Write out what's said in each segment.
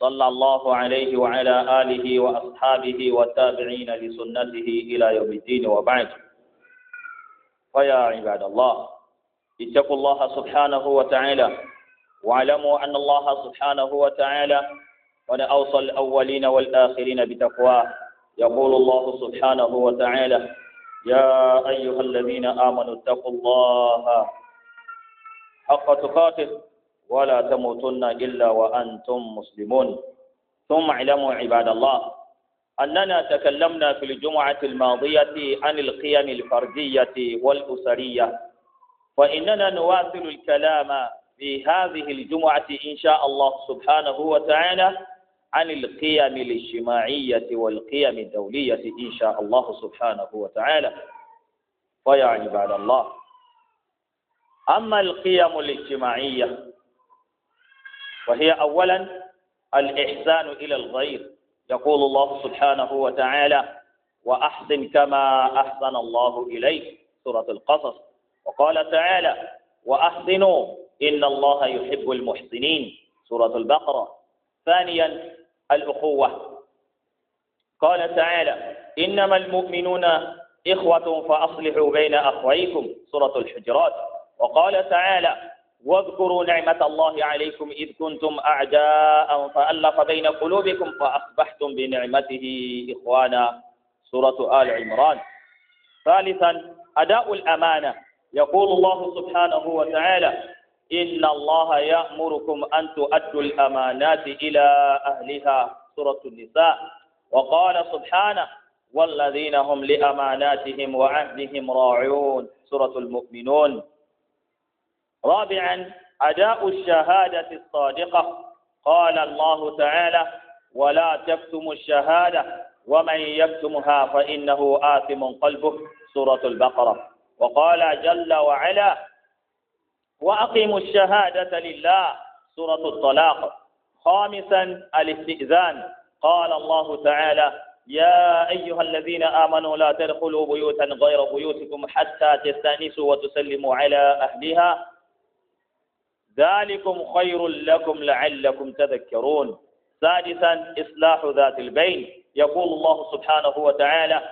صلى الله عليه وعلى آله وأصحابه والتابعين لسنته إلى يوم الدين وبعد فيا عباد الله اتقوا الله سبحانه وتعالى واعلموا أن الله سبحانه وتعالى قد أوصى الأولين والآخرين بتقواه يقول الله سبحانه وتعالى يا أيها الذين آمنوا اتقوا الله حق تقاته ولا تموتن إلا وأنتم مسلمون ثم اعلموا عباد الله أننا تكلمنا في الجمعة الماضية عن القيم الفردية والأسرية فإننا نواصل الكلام في هذه الجمعة إن شاء الله سبحانه وتعالى عن القيم الاجتماعية والقيم الدولية إن شاء الله سبحانه وتعالى فيا عباد الله أما القيم الاجتماعية وهي أولا الإحسان إلى الغير يقول الله سبحانه وتعالى وأحسن كما أحسن الله إليك سورة القصص وقال تعالى وأحسنوا إن الله يحب المحسنين سورة البقرة ثانيا الأخوة قال تعالى إنما المؤمنون إخوة فأصلحوا بين أخويكم سورة الحجرات وقال تعالى واذكروا نعمة الله عليكم إذ كنتم أعداء فألف بين قلوبكم فأصبحتم بنعمته إخوانا سورة آل عمران ثالثا أداء الأمانة يقول الله سبحانه وتعالى إن الله يأمركم أن تؤدوا الأمانات إلى أهلها سورة النساء وقال سبحانه والذين هم لأماناتهم وعهدهم راعون سورة المؤمنون رابعا أداء الشهادة الصادقة قال الله تعالى ولا تكتموا الشهادة ومن يكتمها فإنه آثم قلبه سورة البقرة وقال جل وعلا وأقيموا الشهادة لله سورة الطلاق خامسا الاستئذان قال الله تعالى يا أيها الذين آمنوا لا تدخلوا بيوتا غير بيوتكم حتى تستأنسوا وتسلموا على أهلها ذلكم خير لكم لعلكم تذكرون سادسا إصلاح ذات البين يقول الله سبحانه وتعالى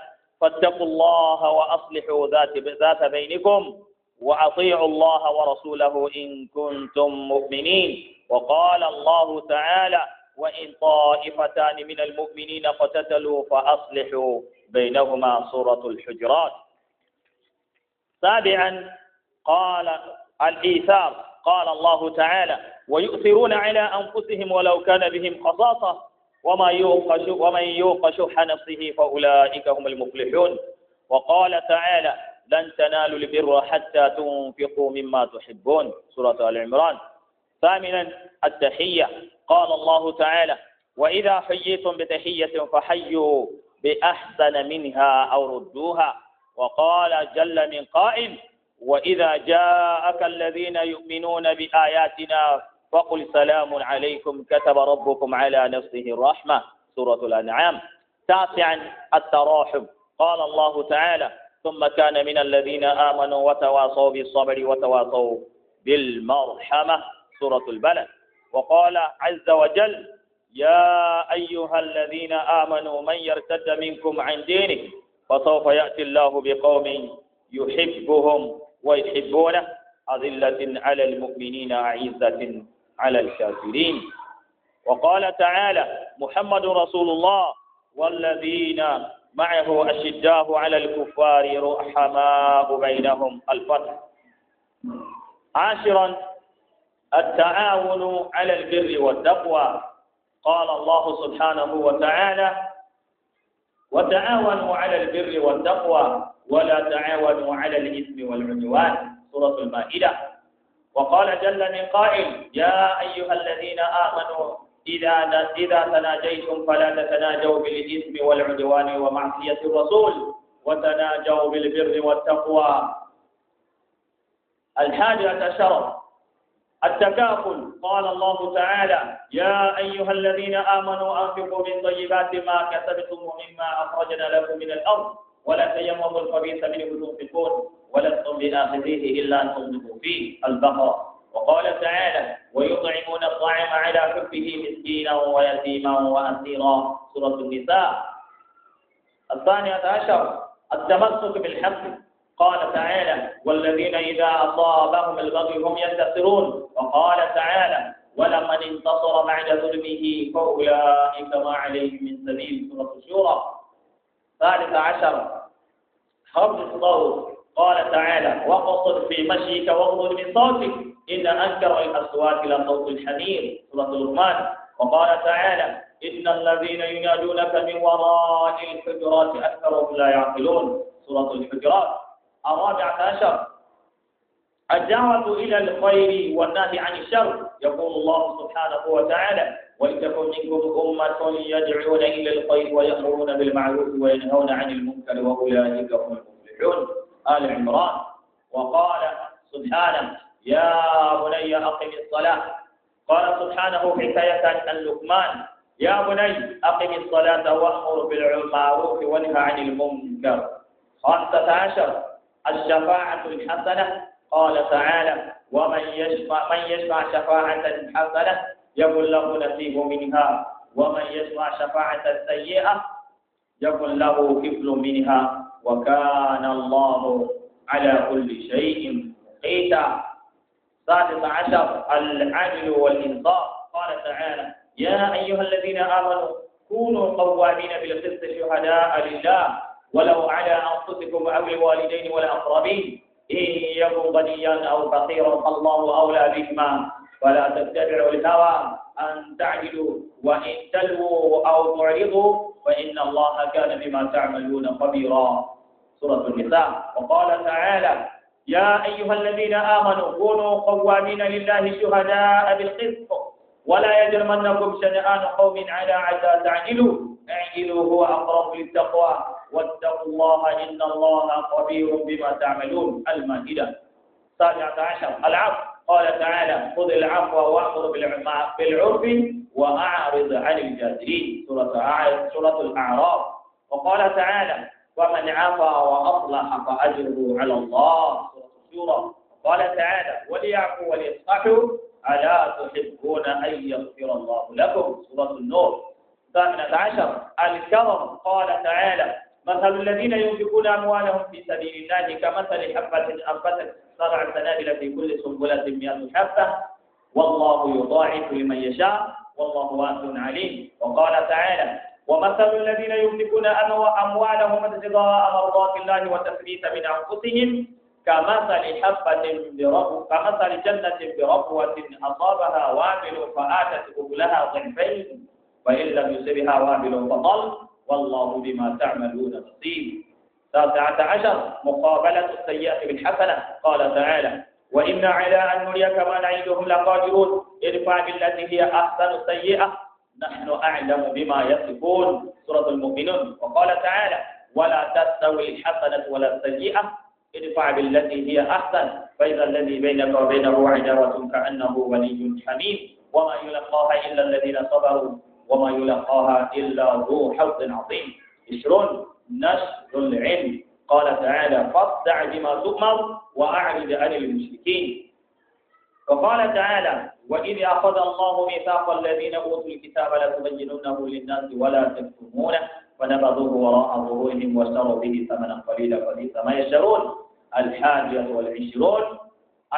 فاتقوا الله وأصلحوا ذات ذات بينكم وأطيعوا الله ورسوله إن كنتم مؤمنين وقال الله تعالى وإن طائفتان من المؤمنين اقتتلوا فأصلحوا بينهما سورة الحجرات سابعا قال الإيثار قال الله تعالى ويؤثرون على أنفسهم ولو كان بهم خصاصة وما يوق ومن يوق شح نفسه فأولئك هم المفلحون وقال تعالى لن تنالوا البر حتى تنفقوا مما تحبون سورة آل عمران ثامنا التحية قال الله تعالى وإذا حييتم بتحية فحيوا بأحسن منها أو ردوها وقال جل من قائل وإذا جاءك الذين يؤمنون بآياتنا فقل سلام عليكم كتب ربكم على نفسه الرحمة سورة الأنعام تاسعا التراحم قال الله تعالى ثم كان من الذين آمنوا وتواصوا بالصبر وتواصوا بالمرحمة سورة البلد وقال عز وجل يا أيها الذين آمنوا من يرتد منكم عن دينه فسوف يأتي الله بقوم يحبهم ويحبونه أذلة على المؤمنين أعزة على الكافرين وقال تعالى محمد رسول الله والذين معه أشداه على الكفار رحماء بينهم الفتح عاشرا التعاون على البر والتقوى قال الله سبحانه وتعالى وتعاونوا على البر والتقوى ولا تعاونوا على الإثم والعدوان سورة المائدة وقال جل من قائل يا أيها الذين آمنوا إذا إذا تناجيتم فلا تتناجوا بالإثم والعدوان ومعصية الرسول وتناجوا بالبر والتقوى الحاجة شرط التكافل قال الله تعالى يا أيها الذين آمنوا أنفقوا من طيبات ما كسبتم ومما أخرجنا لكم من الأرض ولا تيمموا الخبيث منه تنفقون ولستم بآخذيه إلا أن تغلقوا فيه البقرة وقال تعالى ويطعمون الطعام على حبه مسكينا ويتيما وأسيرا سورة النساء الثانية عشر التمسك بالحق قال تعالى والذين إذا أصابهم البغي هم ينتصرون وقال تعالى ولقد انتصر بعد ظلمه فأولئك ما عليهم من سبيل سورة الشورى ثالث عشر حرب الصوت قال تعالى وقصد في مشيك واغضض من صوتك إن أنكر الأصوات لصوت الحمير سورة لقمان وقال تعالى إن الذين ينادونك من وراء الحجرات أكثرهم لا يعقلون سورة الحجرات الرابعة عشر الدعوة إلى الخير والنهي عن الشر يقول الله سبحانه وتعالى ولتكن منكم أمة يدعون إلى الخير ويأمرون بالمعروف وينهون عن المنكر وأولئك هم المفلحون آل عمران وقال سبحانه يا بني أقم الصلاة قال سبحانه حكاية عن لقمان يا بني أقم الصلاة وأمر بالمعروف وانهى عن المنكر خمسة عشر الشفاعة الحسنة قال تعالى ومن يشفع من يشفع شفاعة حسنة يكن له نصيب منها ومن يشفع شفاعة سيئة يكن له كفل منها وكان الله على كل شيء مقيتا سادس عشر العدل والإنصاف قال تعالى يا أيها الذين آمنوا كونوا قوامين بالقسط شهداء لله ولو على أنفسكم أو الوالدين والأقربين إن يكن غنيا أو فقيرا فالله أولى بهما فلا تتبعوا الهوى أن تعدلوا وإن تلووا أو تعرضوا فإن الله كان بما تعملون خبيرا سورة النساء وقال تعالى يا أيها الذين آمنوا كونوا قوامين لله شهداء بالقسط ولا يجرمنكم شنآن قوم على عدا تعدلوا اعدلوا هو أقرب للتقوى واتقوا الله إن الله خبير بما تعملون المائدة السابعة عشر العفو قال تعالى خذ العفو واخذ بالعرف وأعرض عن الجاهلين سورة سورة الأعراف وقال تعالى ومن عفا وأصلح فأجره على الله سورة الشورى قال تعالى وليعفوا وليصفحوا ألا تحبون أن يغفر الله لكم سورة النور الثامنة عشر الكرم قال تعالى مثل الذين ينفقون أموالهم في سبيل الله كمثل حبة أنبتت سبع سنابل في كل سنبلة مئة حبة والله يضاعف لمن يشاء والله واسع عليم وقال تعالى ومثل الذين يملكون أموالهم ابتغاء مرضات الله وتثبيت من أنفسهم كمثل حبة برب كمثل جنة بربوة أصابها وابل فآتت أكلها ضعفين وإن لم يصبها وابل فطل والله بما تعملون بصير تاسعة عشر مقابلة السيئة بالحسنة قال تعالى وإنا على أن نريك ما نعيدهم لقادرون ارفع بالتي هي أحسن السيئة نحن أعلم بما يصفون سورة المؤمنون وقال تعالى ولا تستوي الحسنة ولا السيئة ادفع بالتي هي أحسن فإذا الذي بينك وبينه عداوة كأنه ولي حميد وما يلقاها إلا الذين صبروا وما يلقاها إلا ذو حظ عظيم عشرون نشر العلم قال تعالى فاصدع بما تؤمر وأعرض عن المشركين وقال تعالى وإذ أخذ الله ميثاق الذين أوتوا الكتاب لتبيننه للناس ولا تكتمونه فنبذوه وراء ظهورهم واشتروا به ثمنا قليلا فبئس ما يشترون الحاجة والعشرون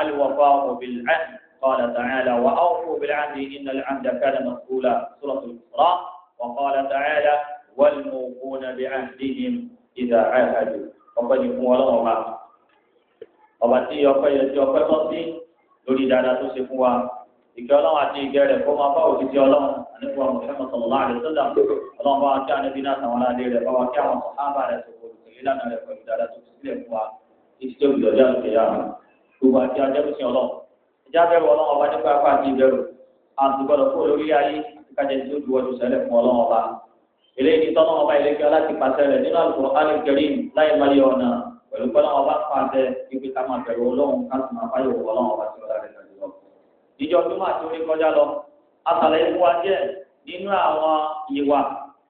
الوفاء بالعهد قال تعالى وأوفوا بالعهد إن العهد كان مسؤولا سورة الإسراء وقال تعالى والموفون بعهدهم إذا عاهدوا ọpẹ́ ni fún Ọlọ́run wa ọba tí ọpẹ́ yẹ tí ọpẹ́ tọ́ sí lórí dáadáa tó ṣe fún wa ìgbẹ Ọlọ́run àti ìgbẹ rẹ̀ kó máa bá òṣìṣẹ́ Ọlọ́run àníkú àwọn ọmọ sọlọ láàrin sọdà Ọlọ́run bá wa kí àníbí náà tàwọn aláàdé rẹ̀ bá kí àwọn sọhábà rẹ̀ sọkò olùsèlè lánàá rẹ̀ pẹ̀lú dáadáa tó ṣe sílẹ̀ fún wa ní títí òbí lọ́jọ́ gbogbo àti ajẹmísìn Ọlọ́run ìjábẹ̀rù ọlọ́run ọba nípa apá àti ìbẹ̀rù àti gbọdọ̀ kó lórí ayé kájà tí ó juwọ́jú sẹ́lẹ̀ fún ọlọ́run ọba eléyìí ní tọ́lọ́run ọba ilé kíọ́ láti pàṣẹ rẹ̀ nínú Al-Qur'an Al-Karim láì má yọ ọ̀nà pẹ̀lú pọ́lọ́run ọba pàṣẹ ibi ká máa bẹ̀rù ọlọ́run ká sì máa báyọ̀ ọlọ́run ọba tí ó láre lọ. ìjọ tó máa ti orí kọjá lọ asàlẹ̀ ikú wa jẹ́ nínú àwọn ìwà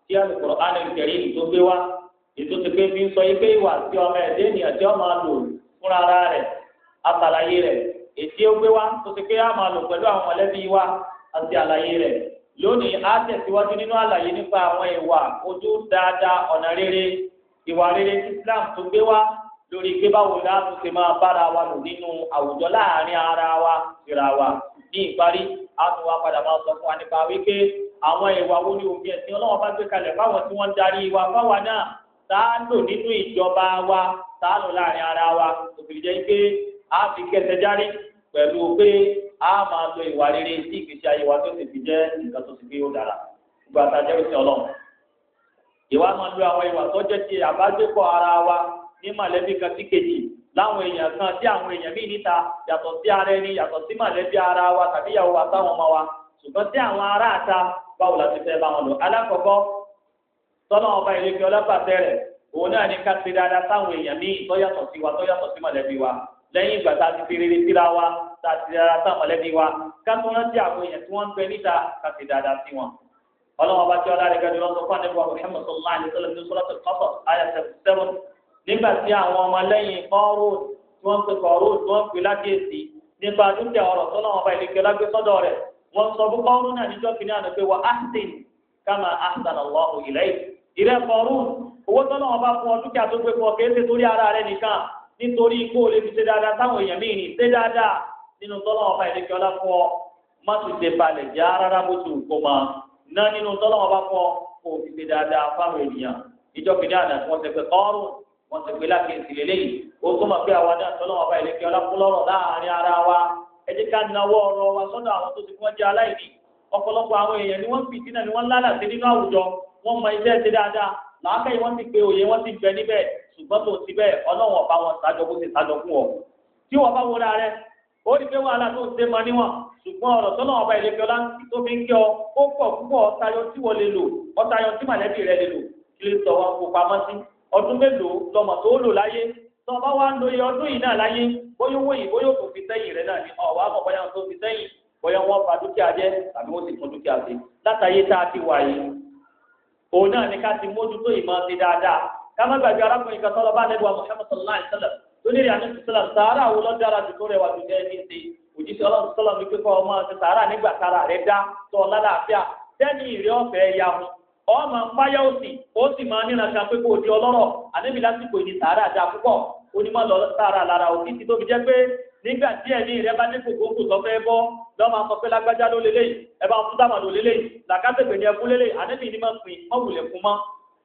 tí Al-Qur'an tó gbé wá ètò ti pé fi ń sọ yí ìwà tí ọmọ ẹ̀dẹ́ ènìyàn tí ọmọ lò fúnra rẹ̀ asàlàyé rẹ̀ èsì ogbé wa tó ti pé a máa lò pẹ̀lú àwọn mọ̀lẹ́bí wa àti àlàyé rẹ̀ lónìí a tẹ̀síwájú nínú àlàyé nípa àwọn ìwà ojú dáadáa ọ̀nà rere ìwà rere Islam tó gbé wa lórí pé báwo la tún ṣe máa bára wa lò nínú àwùjọ láàárín ara wa síra wa ní ìparí a tún wá padà máa sọ fún wa nípa wípé àwọn ìwà wo ni òbí ẹ̀sìn ọlọ́wọ́n bá gbé kalẹ̀ fáwọn tí wọ́n ń darí wa fáwa náà tá a lò nínú ìjọba wa tá a lò láàárín ara wa òbí jẹ́ pé a fi kẹsẹ̀ járí pẹ̀lú pé a máa lo ìwà rere sí ìgbésí ayé wa tó ti fi jẹ́ nǹkan tó sì fi yóò dára gbogbo àtàjẹ́ òsì ọlọ́run ìwà máa lo àwọn ara wa ní mọ̀lẹ́bí kan sí kejì láwọn èèyàn kan sí àwọn èèyàn míì níta yàtọ̀ ara ẹni yàtọ̀ sí mọ̀lẹ́bí ara wa tàbí ìyàwó wa ọmọ wa ṣùgbọ́n sí àwọn ará àta báwo la ti fẹ́ bá wọn lò alákọ̀ọ́kọ́ ọba ọlọ́pàá tẹ́rẹ̀ òun náà ní ká dáadáa wa lẹ́yìn ìgbà tá a ti fi rere síra wa tá a ti dára sí àmọ̀lẹ́bí wa ká tó rántí àwọn èèyàn tí wọ́n ń pẹ́ níta ká ti dáadáa sí wọn. ọlọ́wọ́n bá tí ọlá rẹ̀ gẹ́gẹ́ lọ́sọ̀ fún àdébọ̀ Muhammad sallallahu alayhi wa sallam ní sọ́lá tó kọ́sọ̀ ayé seven nígbà tí àwọn ọmọ lẹ́yìn kọ́rọ̀ tí wọ́n pe kọ́rọ̀ tí wọ́n pe lákèsí nípa dúkìá ọ̀rọ̀ tọ́lọ́wọ́n bá ìlẹ́kẹ́ lágbé sọ́dọ̀ rẹ̀ wọ́n kama ahsan Allahu ilayk ìrẹ́ kọ́rọ̀ owó tọ́lọ́wọ́n bá fún ọ dúkìá tó gbé fún ọ nítorí kó o lè fi ṣe dáadáa táwọn èèyàn míì ní ṣe dáadáa nínú tọ́lọ́ ọba ìdíkẹ́ ọlá fún ọ má tún ṣe balẹ̀ já rárá bó ti wù kó máa ná nínú tọ́lọ́ ọba fún ọ kó o fi ṣe dáadáa fáwọn ènìyàn ìjọ kìíní àná wọn ti pè kọ́ọ̀rùn wọn ti pè lákèsì lélẹ́yìí o tó máa pé àwa náà tọ́lọ́ ọba ìdíkẹ́ ọlá fún lọ́rọ̀ láàrin ara wa ẹ jẹ́ ká nawọ́ ọ̀rọ̀ wa sọ́dọ̀ àwọn tó ti fún ọjà aláìní ọ̀pọ̀lọpọ̀ àwọn èèyàn ni wọ́n fi sínú ni wọ́n lálàsí nínú àwùjọ wọ́n mọ iṣẹ́ ti dáadáa làákàyè wọ́n ti pé òye wọ́n ti bẹ níbẹ̀ ṣùgbọ́n tó ti bẹ́ẹ̀ ọlọ́wọ̀n bá wọn sájọ bó ti sájọ fún ọ. tí wọ́n bá wọra rẹ ó rí pé wàhálà tó ń ṣe máa níwọ̀n ṣùgbọ́n ọ̀rọ̀ tó náà ọba ìlẹ́fẹ́ ọlá tó fi ń kí ọ ó pọ̀ púpọ̀ ọ̀tayọ tí wọ́n lè lò ọ̀tayọ tí màlẹ́bí rẹ lè lò kí lè sọ wọn kó pamọ́ sí ọdún mélòó lọmọ tó lò láyé tó ọba wa ń lo iye ọdún yìí náà láyé bóyá owó yìí bóyá òkú fi sẹ́yìn rẹ náà ni ọ̀wá àmọ́ bóyá wọn fi sẹ́yìn bóyá wọn fa dúkìá jẹ tàbí wọn sì tún dúkìá sí látàyé tá a ti wà yìí òun náà ni ká ti mójútó ìmọ̀ ti dáadáa kámá gbàgbé arákùnrin kan tọ́lọ́ bá nẹ́bí wa Muhammad sallallahu alayhi wa sallam tó nílẹ̀ àti sísílẹ̀ sàárà wo lọ́ dára ju kórè wa dùdẹ́ ní ṣe òjíṣẹ́ ọlọ́run sọ́lọ́ ní kíkọ́ ọmọ ti sàárà nígbà sára rẹ̀ dá tọ́ lálàáfíà tẹ́ni ìrẹ́ ọ̀fẹ́ ya hun ọmọ páyà òsì ó sì máa níra kan pé kó di ọlọ́rọ̀ ànẹ́bí lásìkò ìní sàárà dá púpọ̀ onímọ̀ lọ sára lára òkè ti tóbi jẹ́ pé nígbà tí ẹ̀mí rẹ bá ní kòkòkò tó fẹ́ bọ́ lọ́mọ akọ pé lágbájá ló lélẹ́yìí ẹ bá ń fún dámà ló lélẹ́yìí làkàtẹ̀gbẹ̀ ni ẹ fún lélẹ́yìí ànẹ́bí ni máa ń pin mọ́wùlẹ̀ fún mọ́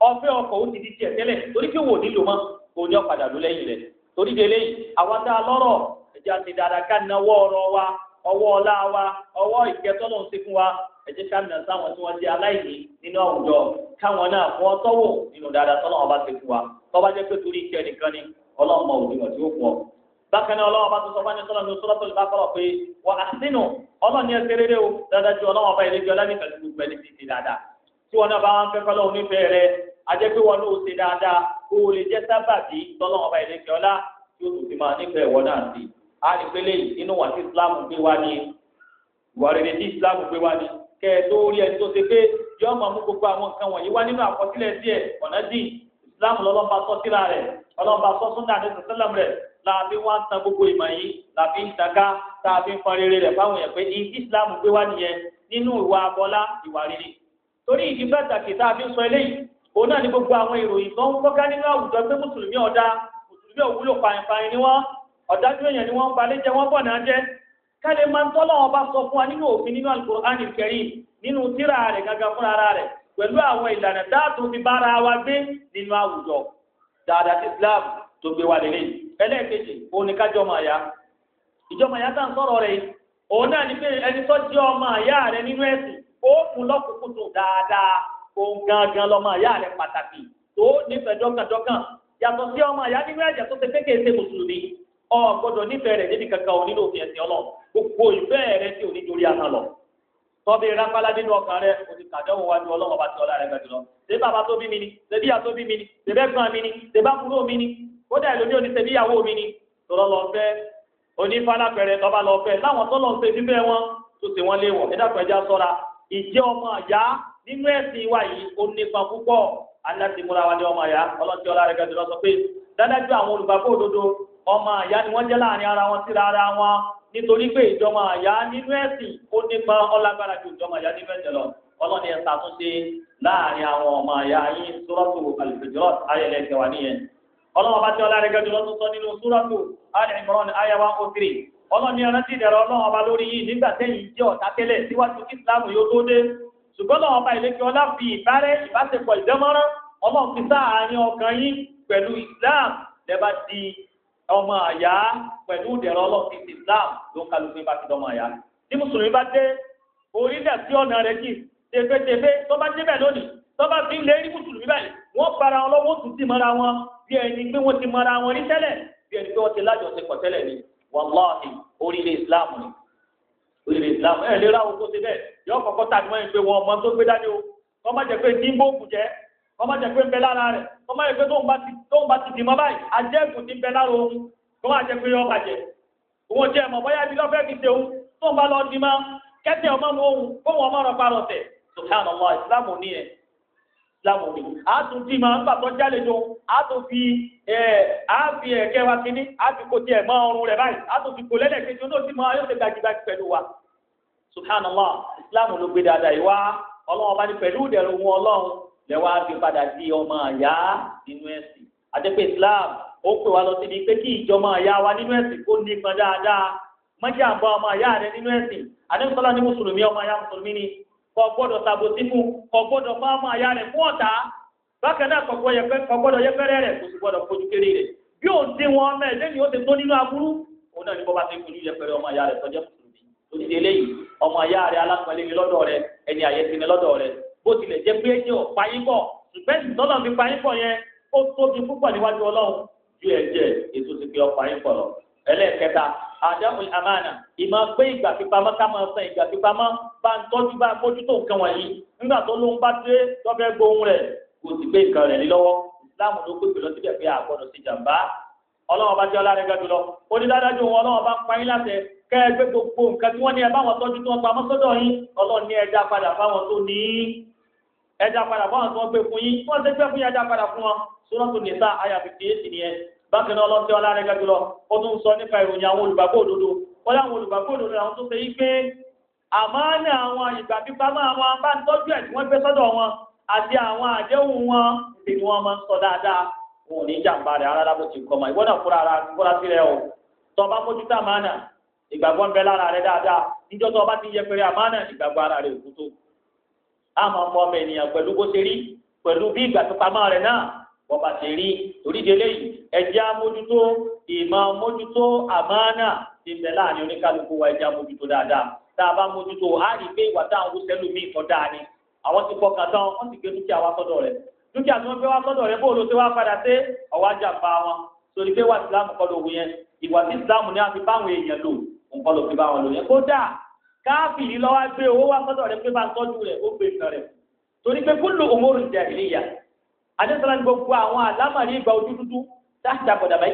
ọfẹ́ ọkọ̀ ó ti di tiẹ̀ tẹ́lẹ̀ torí pé wò nílò mọ́ kò ní ọ̀padà ló lẹ́yìn rẹ̀ torí délé yìí àwa dá lọ́rọ̀ ẹ̀jẹ̀ àti dáadáa ká náwó ọ̀rọ̀ wa ọwọ́ ọlá wa ọwọ́ ìkẹtọ́lọ́ ń sekún wa ẹ̀jẹ̀ kámínà sáwọn tí wọ́n jẹ́ aláìní nínú àwùjọ káwọn náà fún ọ tọ́wọ̀ nínú dáadáa tọ́lọ́ wọn bá wa tọ́ba jẹ́ pé torí ìkẹ́ nìkan ni ọlọ́run mọ òdiwọ̀n tí ó pọ̀ bákan náà ọlọ́run bá tó sọ fún ẹni sọ́lọ́run tó lọ́tọ̀ lọ́tọ̀ lọ́tọ̀ pé wà á sínú ọlọ́run ní ẹsẹ̀ rere o dáadáa ju ọlọ́run ọba ìlẹ́jọ́ bá wọn ajẹ́ pé wọn ló ṣe dáadáa kó o lè jẹ́ sábàbí tọ́lọ́wọ́n ọba ìlẹ́kẹ̀ ọlá tí ó tún fi máa nífẹ̀ẹ́ wọ́n náà sí. a lè pé lè nínú wà tí Islam gbé wá ní ìwà tí Islam gbé wá ní kẹ ẹ tó rí ẹni tó ṣe pé yọ ọmọ mú gbogbo àwọn nǹkan wọ̀nyí wá nínú àkọsílẹ̀ díẹ̀ ọ̀nà dín Islam lọ́lọ́ba sọ síra rẹ̀ ọlọ́ba sọ súnà ní sọ́sẹ́lẹ̀m rẹ̀ láàbí wá ń tan gbogbo ìmọ̀ yìí làbí ń tàgá tàbí ń fáwọn èèyàn pé Islam gbé wá nìyẹn nínú ìwà abọ́lá ìwà rere torí ìdí pàtàkì tá sọ eléyìí òun náà ni gbogbo àwọn ìròyìn tó ń kọ́ká nínú àwùjọ pé mùsùlùmí ọ̀dà mùsùlùmí òwúlò pààyàn ni wọ́n ọ̀dájú èèyàn ni wọ́n ń balẹ̀ jẹ wọ́n bọ̀ náà jẹ́ kálẹ̀ máa ń tọ́lọ̀ ọba sọ fún wa nínú òfin nínú Al-Qur'an Al-Karim nínú tírà rẹ̀ gangan fúnra ara rẹ̀ pẹ̀lú àwọn ìlànà dáàtò fi bára wa gbé nínú àwùjọ dáadáa ti Islam tó gbé wa lélẹ̀ ẹlẹ́ẹ̀kejì òun ni kájọ́ máa ya ìjọba ìyá tá à ń sọ̀rọ̀ rẹ̀ òun náà ni pé ẹni tó jẹ́ ọmọ ìyá rẹ̀ nínú ẹ̀sìn ó kún lọ́kùnkùn tó dáadáa òun gangan lọ́mọ àyá rẹ̀ pàtàkì tó nífẹ̀ẹ́ dọ́kàndọ́kàn yàtọ̀ sí ọmọ àyá nínú ẹ̀jẹ̀ tó ṣe pé kèé ṣe mùsùlùmí o gbọ́dọ̀ nífẹ̀ẹ́ rẹ̀ débi kankan òní lòfin ẹ̀sìn ọlọ́run gbogbo ìfẹ́ rẹ̀ tí òní dorí ahọ́n lọ tọ́bi rápálá nínú ọkàn rẹ̀ òní kàdéwò wájú ọlọ́run ọba tí ọlá rẹ̀ gbẹ̀dọ̀ lọ ṣé bàbá tó bí mi ni ṣé bíyà tó bí mi ni ṣé bẹ́gbọ́n mi ni ṣé bákúrò mi ni kódà ẹlòmíì òní ṣe bíyàwó mi ni tọ́lọ́ lọ fẹ́ onífàlápẹ̀rẹ̀ tọ́ba lọ fẹ́ láwọn tọ́lọ́ ń ṣe fífẹ́ wọn tó ṣe wọ́n léwọ̀n ẹ̀dá pẹ̀já sọ́ra ìjẹ́ ọmọ àyá nínú ẹ̀sìn wa yìí ó nípa púpọ̀ aláṣẹmúra wa ní ọmọ àyà ọlọ́tí ọlá rẹ̀ gẹ̀dọ̀ sọ pé dádájú àwọn olùgbàgbọ́ òdodo ọmọ àyà ni wọ́n jẹ́ láàrin ara wọn síra ara wọn nítorí pé ìjọmọ àyà nínú ẹ̀sìn ó nípa ọlágbára ju ìjọmọ àyà nínú ẹ̀sìn lọ ọlọ́ni ẹ̀ ṣàtúnṣe láàrin àwọn ọmọ àyà yín sọ́rọ́tò al-Hujurat ayẹlẹ ẹ̀kẹwà nìyẹn ọlọ́wọ́n bá ti ọlá rẹ̀ gẹ̀dọ̀ sọ nínú sọ́rọ́tò Al-Imran ayẹwà ó kiri ọlọ́ni ẹ̀rántí ìdẹ̀rọ̀ ọlọ́wọ́n ọba lórí yìí nígbà tẹ́yìn jẹ́ ọ̀tá tẹ́lẹ̀ síwájú Islam yóò tó dé ṣùgbọ́n lọ́wọ́ bá ilé kí ọlá fi ìbárẹ́ ìbáṣepọ̀ ìdánmọ́rán ọlọ́run fi sáàárín ọkàn yín pẹ̀lú Islam lẹ́bà di ọmọ àyà pẹ̀lú ìdẹ̀rọ̀ ọlọ́run ti Islam ló ń kálukú bá ti dọ́mọ àyà. tí mùsùlùmí bá dé orílẹ̀ sí ọ̀nà rẹ̀ kì tẹfẹtẹfẹ tó bá débẹ̀ lónìí tó bá fi lè rí mùsùlùmí báyìí wọ́n para wọn lọ́wọ́ tún ti mọ́ra wọn bí ẹni pé wọ́n ti mọ́ra wọn rí tẹ́lẹ̀ bí ẹni pé wọ́n ti lájọṣepọ̀ tẹ́lẹ̀ ni wàláhì orílẹ̀ Islam ni islam ẹ̀ lè ra oko ti bẹ́ẹ̀ yọ kọ̀kọ́ tà ní wọ́n yẹn pé wọn ọmọ tó gbé dání o wọ́n má jẹ́ pé ní gbóògùn jẹ́ wọ́n má jẹ́ pé ń bẹ lára rẹ̀ wọ́n má jẹ́ pé tóun bá ti dì mọ́ báyìí àjẹ́kùn ti bẹ lára òun kó jẹ́ pé yọ bàjẹ́ òun jẹ́ mọ̀ bóyá ibi lọ́fẹ́ fi ṣeun tóun bá lọ di mọ́ kẹ́tẹ́ ọmọ mu ohun kóun ọmọ rọ̀ parọ̀ tẹ̀ subhanallah islam ò ní ẹ̀ láwọn òní. a tún tí máa ń bàtọ́ jáde jọ a tún fi ẹ a fi ẹ̀kẹ́ wa kínní a fi kò tiẹ̀ mọ́ ọrùn rẹ̀ báyìí a tún fi kò lẹ́lẹ̀ kejì ó náà ti máa yóò ṣe gbajúgbajú pẹ̀lú wa subhanallah islam ló gbé dáadáa yìí wá ọlọ́run bá ní pẹ̀lú ìdẹ̀rùn wọn ọlọ́run lẹ́wọ́ á fi padà di ọmọ àyá nínú ẹ̀sìn àdẹ́pẹ́ islam ó pè wá lọ síbi pé kí ìjọmọ àyá wa nínú ẹ̀sìn kó nípa dáadáa mọ́jà àbọ̀ ọmọ àyá rẹ nínú ẹ̀sìn àdẹ́sọ́lá ní mùsùlùmí ọmọ àyá mùsùlùmí ni kò gbọ́dọ̀ sàbòsí fún kò gbọ́dọ̀ fún ọmọ àyá rẹ fún ọ̀tá bákan náà kò gbọ́dọ̀ yẹpẹrẹ rẹ kò sì gbọ́dọ̀ fojú kéré rẹ bí òun dín wọn mẹ́ẹ̀ẹ́dẹ́ni ó ti tó nínú aburú òun náà ní bọ́ bá ti fojú yẹpẹrẹ ọmọ àyá rẹ sọjọ́ òdìdí eléyìí ọmọ ayá rẹ alápẹ̀lẹ́ mi lọ́dọ̀ rẹ ẹni àyẹ̀sí mi lọ́dọ̀ rẹ bó tilẹ̀ jẹ́ pé ẹ̀jẹ̀ ọ̀páyín pọ̀ ṣùgbẹ́ ìtọ́lọ̀ fi páyín pọ̀ yẹn ó tóbi púpọ̀ níwájú ọlọ́run ju ẹ̀jẹ̀ ètò ti fi ọ̀páyín pọ̀ lọ. ẹlẹ́ẹ̀kẹta àdáhùn àmàna ìmọ̀ pé ìgbà pípamọ́ ká máa san ìgbà pípamọ́ bá ń tọ́jú bá mójútó nǹkan wọ̀nyí nígbà tó lóun bá dé tọ́fẹ́ gbohun rẹ̀ kò sì gbé nǹkan rẹ̀ lé lọ́wọ́ islam ló pèpè lọ síbẹ̀ pé àgbọ̀dọ̀ sí jàǹbá ọlọ́wọ́n bá jẹ́ ọlọ́rin gẹ́gẹ́ lọ onídádájú wọn ọlọ́wọ́n bá pa yín láṣẹ kẹ́ ẹ gbé gbogbo nǹkan tí wọ́n ní ẹ báwọn tọ́jú tó ń pa mọ́sọ́dọ̀ yín ọlọ́run ní ẹja padà fáwọn tó ní ẹja padà fáwọn tó ń gbé fún yín wọ́n ti gbé fún yín ẹja padà fún wọn sórọ́tò nìta àyà fìdí èsì nìyẹn bákan náà ọlọ́run jẹ́ ọlọ́rin gẹ́gẹ́ lọ ó tún sọ nípa ìròyìn àwọn olùgbàgbọ́ òdodo wọ́n kò ní jàǹbá rẹ̀ rárá bó ti kọ́ ma ìwọ náà fúra ara fúra sí rẹ o tó bá mójú tá àmánà ìgbàgbọ́ ń bẹ lára rẹ dáadáa níjọ́ tó bá ti yẹpẹrẹ àmánà ìgbàgbọ́ ara rẹ òkú tó àmọ́ ọmọ ọmọ ènìyàn pẹ̀lú bó ṣe rí pẹ̀lú bí ìgbà tó pamọ́ rẹ̀ náà wọ́n bá ṣe rí oríṣi eléyìí ẹ̀jẹ̀ amójútó ìmọ̀ amójútó àmánà ti bẹ̀ láàrin oníkálukú wa ẹ̀jẹ̀ amójútó dáadáa tá a bá mójútó a rí pé ìwà táwọn wúṣẹ́lùmí ìtọ́ dáa ni àwọn ti fọkàn tán wọ́n ti gbé dúkìá wa sọ́dọ̀ rẹ̀ dúkìá tí wọ́n fẹ́ wá sọ́dọ̀ rẹ bóòlù tí wọ́n padà sí ọ̀wá jàmbá wọn torí pé wà ìsìlámù kọ́ ló wù yẹn ìwà tí ìsìlámù ní àfi báwọn èèyàn lò nǹkan ló fi báwọn lò yẹn kódà káfíìrì lọ́wọ́ gbé owó wá sọ́dọ̀ rẹ pé bá tọ́jú rẹ̀ ó gbé nǹkan rẹ̀ torí pé kúlù òmòrò jàhílíyà adéṣọlá ní gbogbo àwọn àlámàrí ìgbà ojú dúdú táàtì àbọ̀dàbà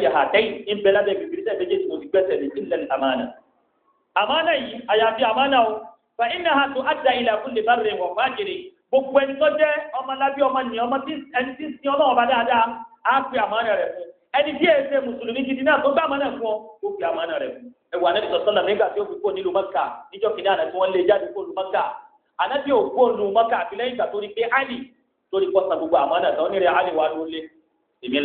gbogbo ẹni tó jẹ́ ọmọlábí ọmọ nìyẹn ọmọ tí ẹni tí ń sin ọlọ́wọ́ bá dáadáa á pe àmọ́nà rẹ̀ fún ẹni tí èsè mùsùlùmí gidi náà tó gbá àmọ́nà fún ọ ó pe àmọ́nà rẹ̀ fún ẹwà anabi sọ̀sọ́lá nígbà tí ó fi kó nílùú mọ́kà níjọ́ kìnìún àná tí wọ́n lé jáde kó lu mọ́kà anabi ò kó lu mọ́kà àfi lẹ́yìn ìgbà tó rí pé ali tó rí pọ́sán gbogbo àmọ́nà tó nírẹ̀ ali wà ló èmi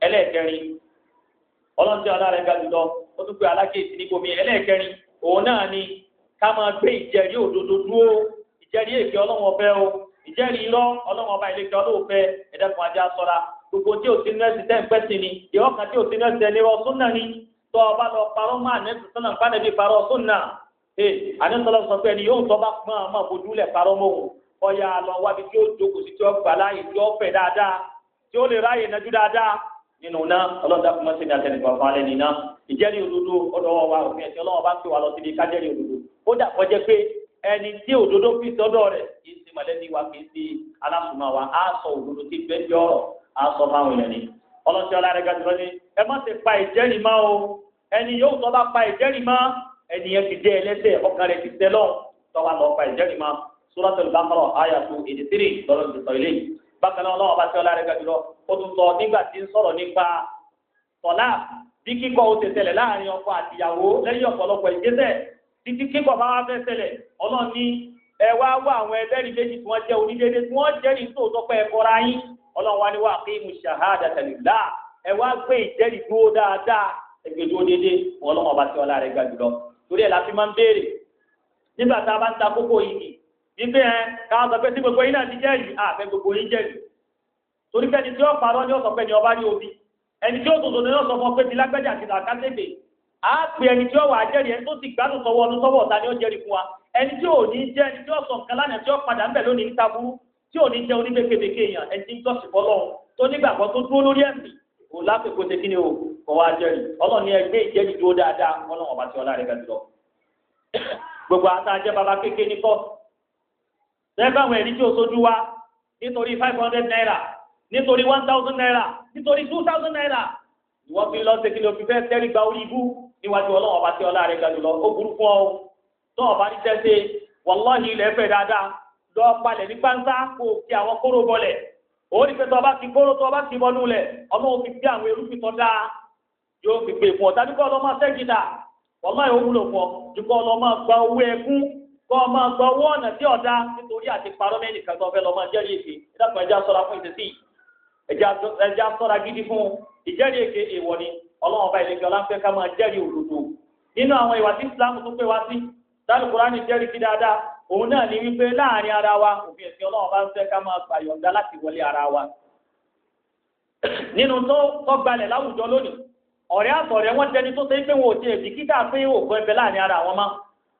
lọ ọlọ́run tí ọlá rẹ̀ ga jùlọ ó tún pé alákèésí níbo mi ẹlẹ́ẹ̀kẹrin òun náà ni ká máa gbé ìjẹ́rí òdodo dúró ìjẹ́rí èké ọlọ́run ọ̀fẹ́ o ìjẹ́rí irọ́ ọlọ́run ọba ìlẹ́kẹ́ ọlọ́ọ̀fẹ́ ẹ̀dẹ́kun ajá sọ́ra gbogbo tí ti nú ẹsẹ̀ tẹ́ǹpẹ́ sí ni ìwọ́ kan tí o si nú ẹsẹ̀ ní ọ̀sùn náà ni ọba lọ parọ́ máa ní nínú náà ọlọ́dà kúmọ́ sí ní àtẹnìgbà fún alẹ́ nínú ìjẹ́rìí òdodo ọ̀dọ̀ wa òfin ẹ̀sìn ọlọ́wọ́ bá ń pè wá lọ síbi kájẹ́rìí òdodo ó dà kọjá pé ẹni tí òdodo fi sọ́dọ̀ rẹ̀ kì í ṣe mọ̀lẹ́bí wa kì í ṣe alásùnmọ́ wa á sọ òdodo tí bẹ́ẹ̀ bí ọ̀rọ̀ á sọ fáwọn èèyàn ni ọlọ́sẹ̀ ọlọ́rẹ̀ gàdú lọ́ni ẹ má ṣe pa ìjẹ́rìí má o ẹni yóò tọ́ bá pa ìjẹ́rìí má ẹni yẹn ti dé ẹlẹ́sẹ̀ ọkàn rẹ̀ ti tẹ́ lọ́ọ̀ tọ́ bá lọ pa ìjẹ́rìí má Suratul Baqara àyà tó bákan náà ọlọ́wọ́ bá tí ọlá rẹ ga jùlọ ó tún sọ nígbà tí ń sọ̀rọ̀ nípa tọ̀lá bí kíkọ́ ó ti láàrin ọkọ ìyàwó lẹ́yìn ọ̀pọ̀lọpọ̀ ìgbésẹ̀ títí kíkọ̀ bá wá fẹ́ ṣẹlẹ̀ ọlọ́run ní ẹ wá wá àwọn ẹlẹ́rìí méjì tí wọ́n jẹ́ onídéédé tí wọ́n jẹ́rìí tó tọ́pẹ́ yín ọlọ́run wá ní wà pé là ẹ wá gbé ìjẹ́rìí dúró dáadáa ẹgbẹ́ dúró ọlọ́run ọba nígbẹ́ ẹ káà sọ pé tí gbogbo yín ti jẹ́ yìí àfẹ́ gbogbo yín jẹ́ yìí torí pé ẹni tí ó parọ́ ni ó sọ pé ni ọba ní omi ẹni tí ó tòtò ni ó sọ fún pé ti lágbẹ́jà ti làkàtẹ́gbẹ̀ á pe ẹni tí ó wà jẹ́rìí ẹni tó ti gbádùn sọwọ́ ọdún sọwọ́ ọ̀tá ni ó jẹ́rìí fún wa ẹni tí ò ní jẹ́ ẹni tí ó sọ nǹkan lánàá tí ó padà ń lẹ́gbẹ́ àwọn ẹ̀rí tí ó nítorí naira nítorí 1,000 naira nítorí 2,000 naira ìwọ́n fi lọ sékìlì fẹ́ tẹ́rí gba orí ibú níwájú ọlọ́run ọba tí ọlá rẹ̀ ó burú fún ọ tó lọ palẹ̀ ní pánsá o fi àwọn kóró bọlẹ̀ ti kóró tọba ti bọnú lẹ̀ ọmọ òfin bí àwọn tọ́ dáa yóò fi fún kọ́ ọ máa gbọ́ ọ̀nà tí ọ̀dá nítorí àti parọ́ mẹ́nìkan tó fẹ́ lọ máa jẹ́rìí èké ìdàpọ̀ ẹja sọ́ra fún ìṣesí ẹja sọ́ra gidi fún ìjẹ́rìí èké èèwọ̀ ni ọlọ́run ọba ìlẹ́gbẹ́ ọláńpẹ́ ká máa jẹ́rìí òdodo nínú àwọn ìwà tí tó pé wá sí kúránì ń fẹ́ ká máa láti wọlé ara nínú tó láwùjọ lónìí ọ̀rẹ́ àtọ̀rẹ́ jẹni tó ṣe ò tiẹ̀ pé ẹbẹ láàrin ara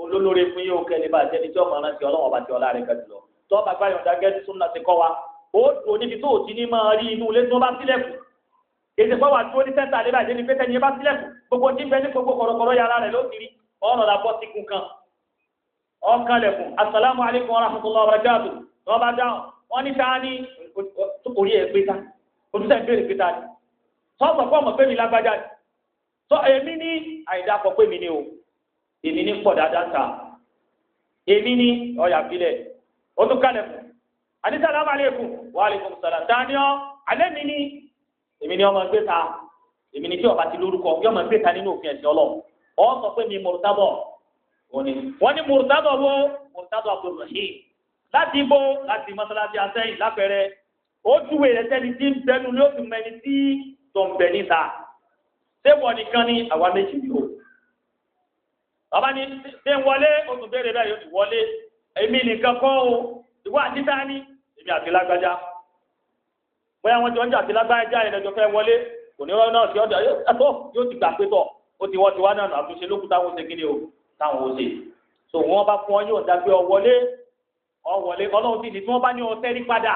olólórí fún yóò kẹ́lẹ́ bá jẹ́ni tí ọmọ rántí ọlọ́wọ́n bá ti ọlá rẹ̀ kẹ́lẹ́ lọ tó bá gbá yọ̀ǹda gẹ́gẹ́ súnà ti kọ́ wa ó dùn níbi tó ti ní máa rí inú ilé tó bá sílẹ̀kùn ètò ìpọ́wà tó ní sẹ́ńtà àlébà jẹ́ni pé tẹ́ni bá sílẹ̀kùn gbogbo tí ń ní gbogbo kọ̀rọ̀kọ̀rọ̀ yàrá rẹ̀ ló ti rí ọ̀rọ̀ làbọ́ sí kun kan ọ̀kan lẹ̀kùn asalaamu alaykum wa rahmatullahi wa barakatuh wọ́n bá dáhùn wọ́n ní sáà ní orí ẹ̀ pé ta ojúṣe ìbéèrè pé ta ni sọ́ọ̀sọ̀ pọ̀ pé mi lágbájá ni sọ èmi ní àìdá pọ̀ pé mi ni o èmi ní pọ̀ dáadáa ta èmi ní ọ̀yà bílẹ̀ ó tún kalẹ̀ fún anisalaam aleykum wa aleykum salaam tani ọ alẹ́ mi ní èmi ní ọmọ gbé ta èmi ní tí ọba ti lórúkọ yọmọ gbé ta nínú òfin ẹ̀sìn ọlọ́run ọ sọ pé mi mùrùtábọ̀ òní wọ́n ní mùrùtábọ̀ wo mùrùtábọ̀ abdulrahim láti ibo láti mọ́sálásí asẹ́yìn lápẹ̀rẹ̀ ó júwe rẹ̀ sẹ́ni tí ń bẹnu ní oṣù mẹ́ni tí tó ń bẹ níta ṣé wọ́n nìkan ní àwa méjì ni o bàbá ni ṣé ń wọlé oṣù béèrè bẹ́ẹ̀ yóò ti wọlé èmi nìkan kọ́ o ìwọ àti tání èmi àti lágbájá bóyá wọn jọ ń jà àti lágbájá yẹn lọ́jọ́ fẹ́ wọlé kò ní rọ́ọ̀ náà sí ọ̀dọ̀ yóò ti gbà pé tọ̀ ó ti wọ́n ti wá náà nù àtúnṣe lókùn táwọn ṣe kí ni o táwọn ò ṣe so wọn bá fún ọ yóò dá pé ọ wọlé ọ wọlé ọlọ́run ti di tí wọ́n bá ní ọ tẹ́rí padà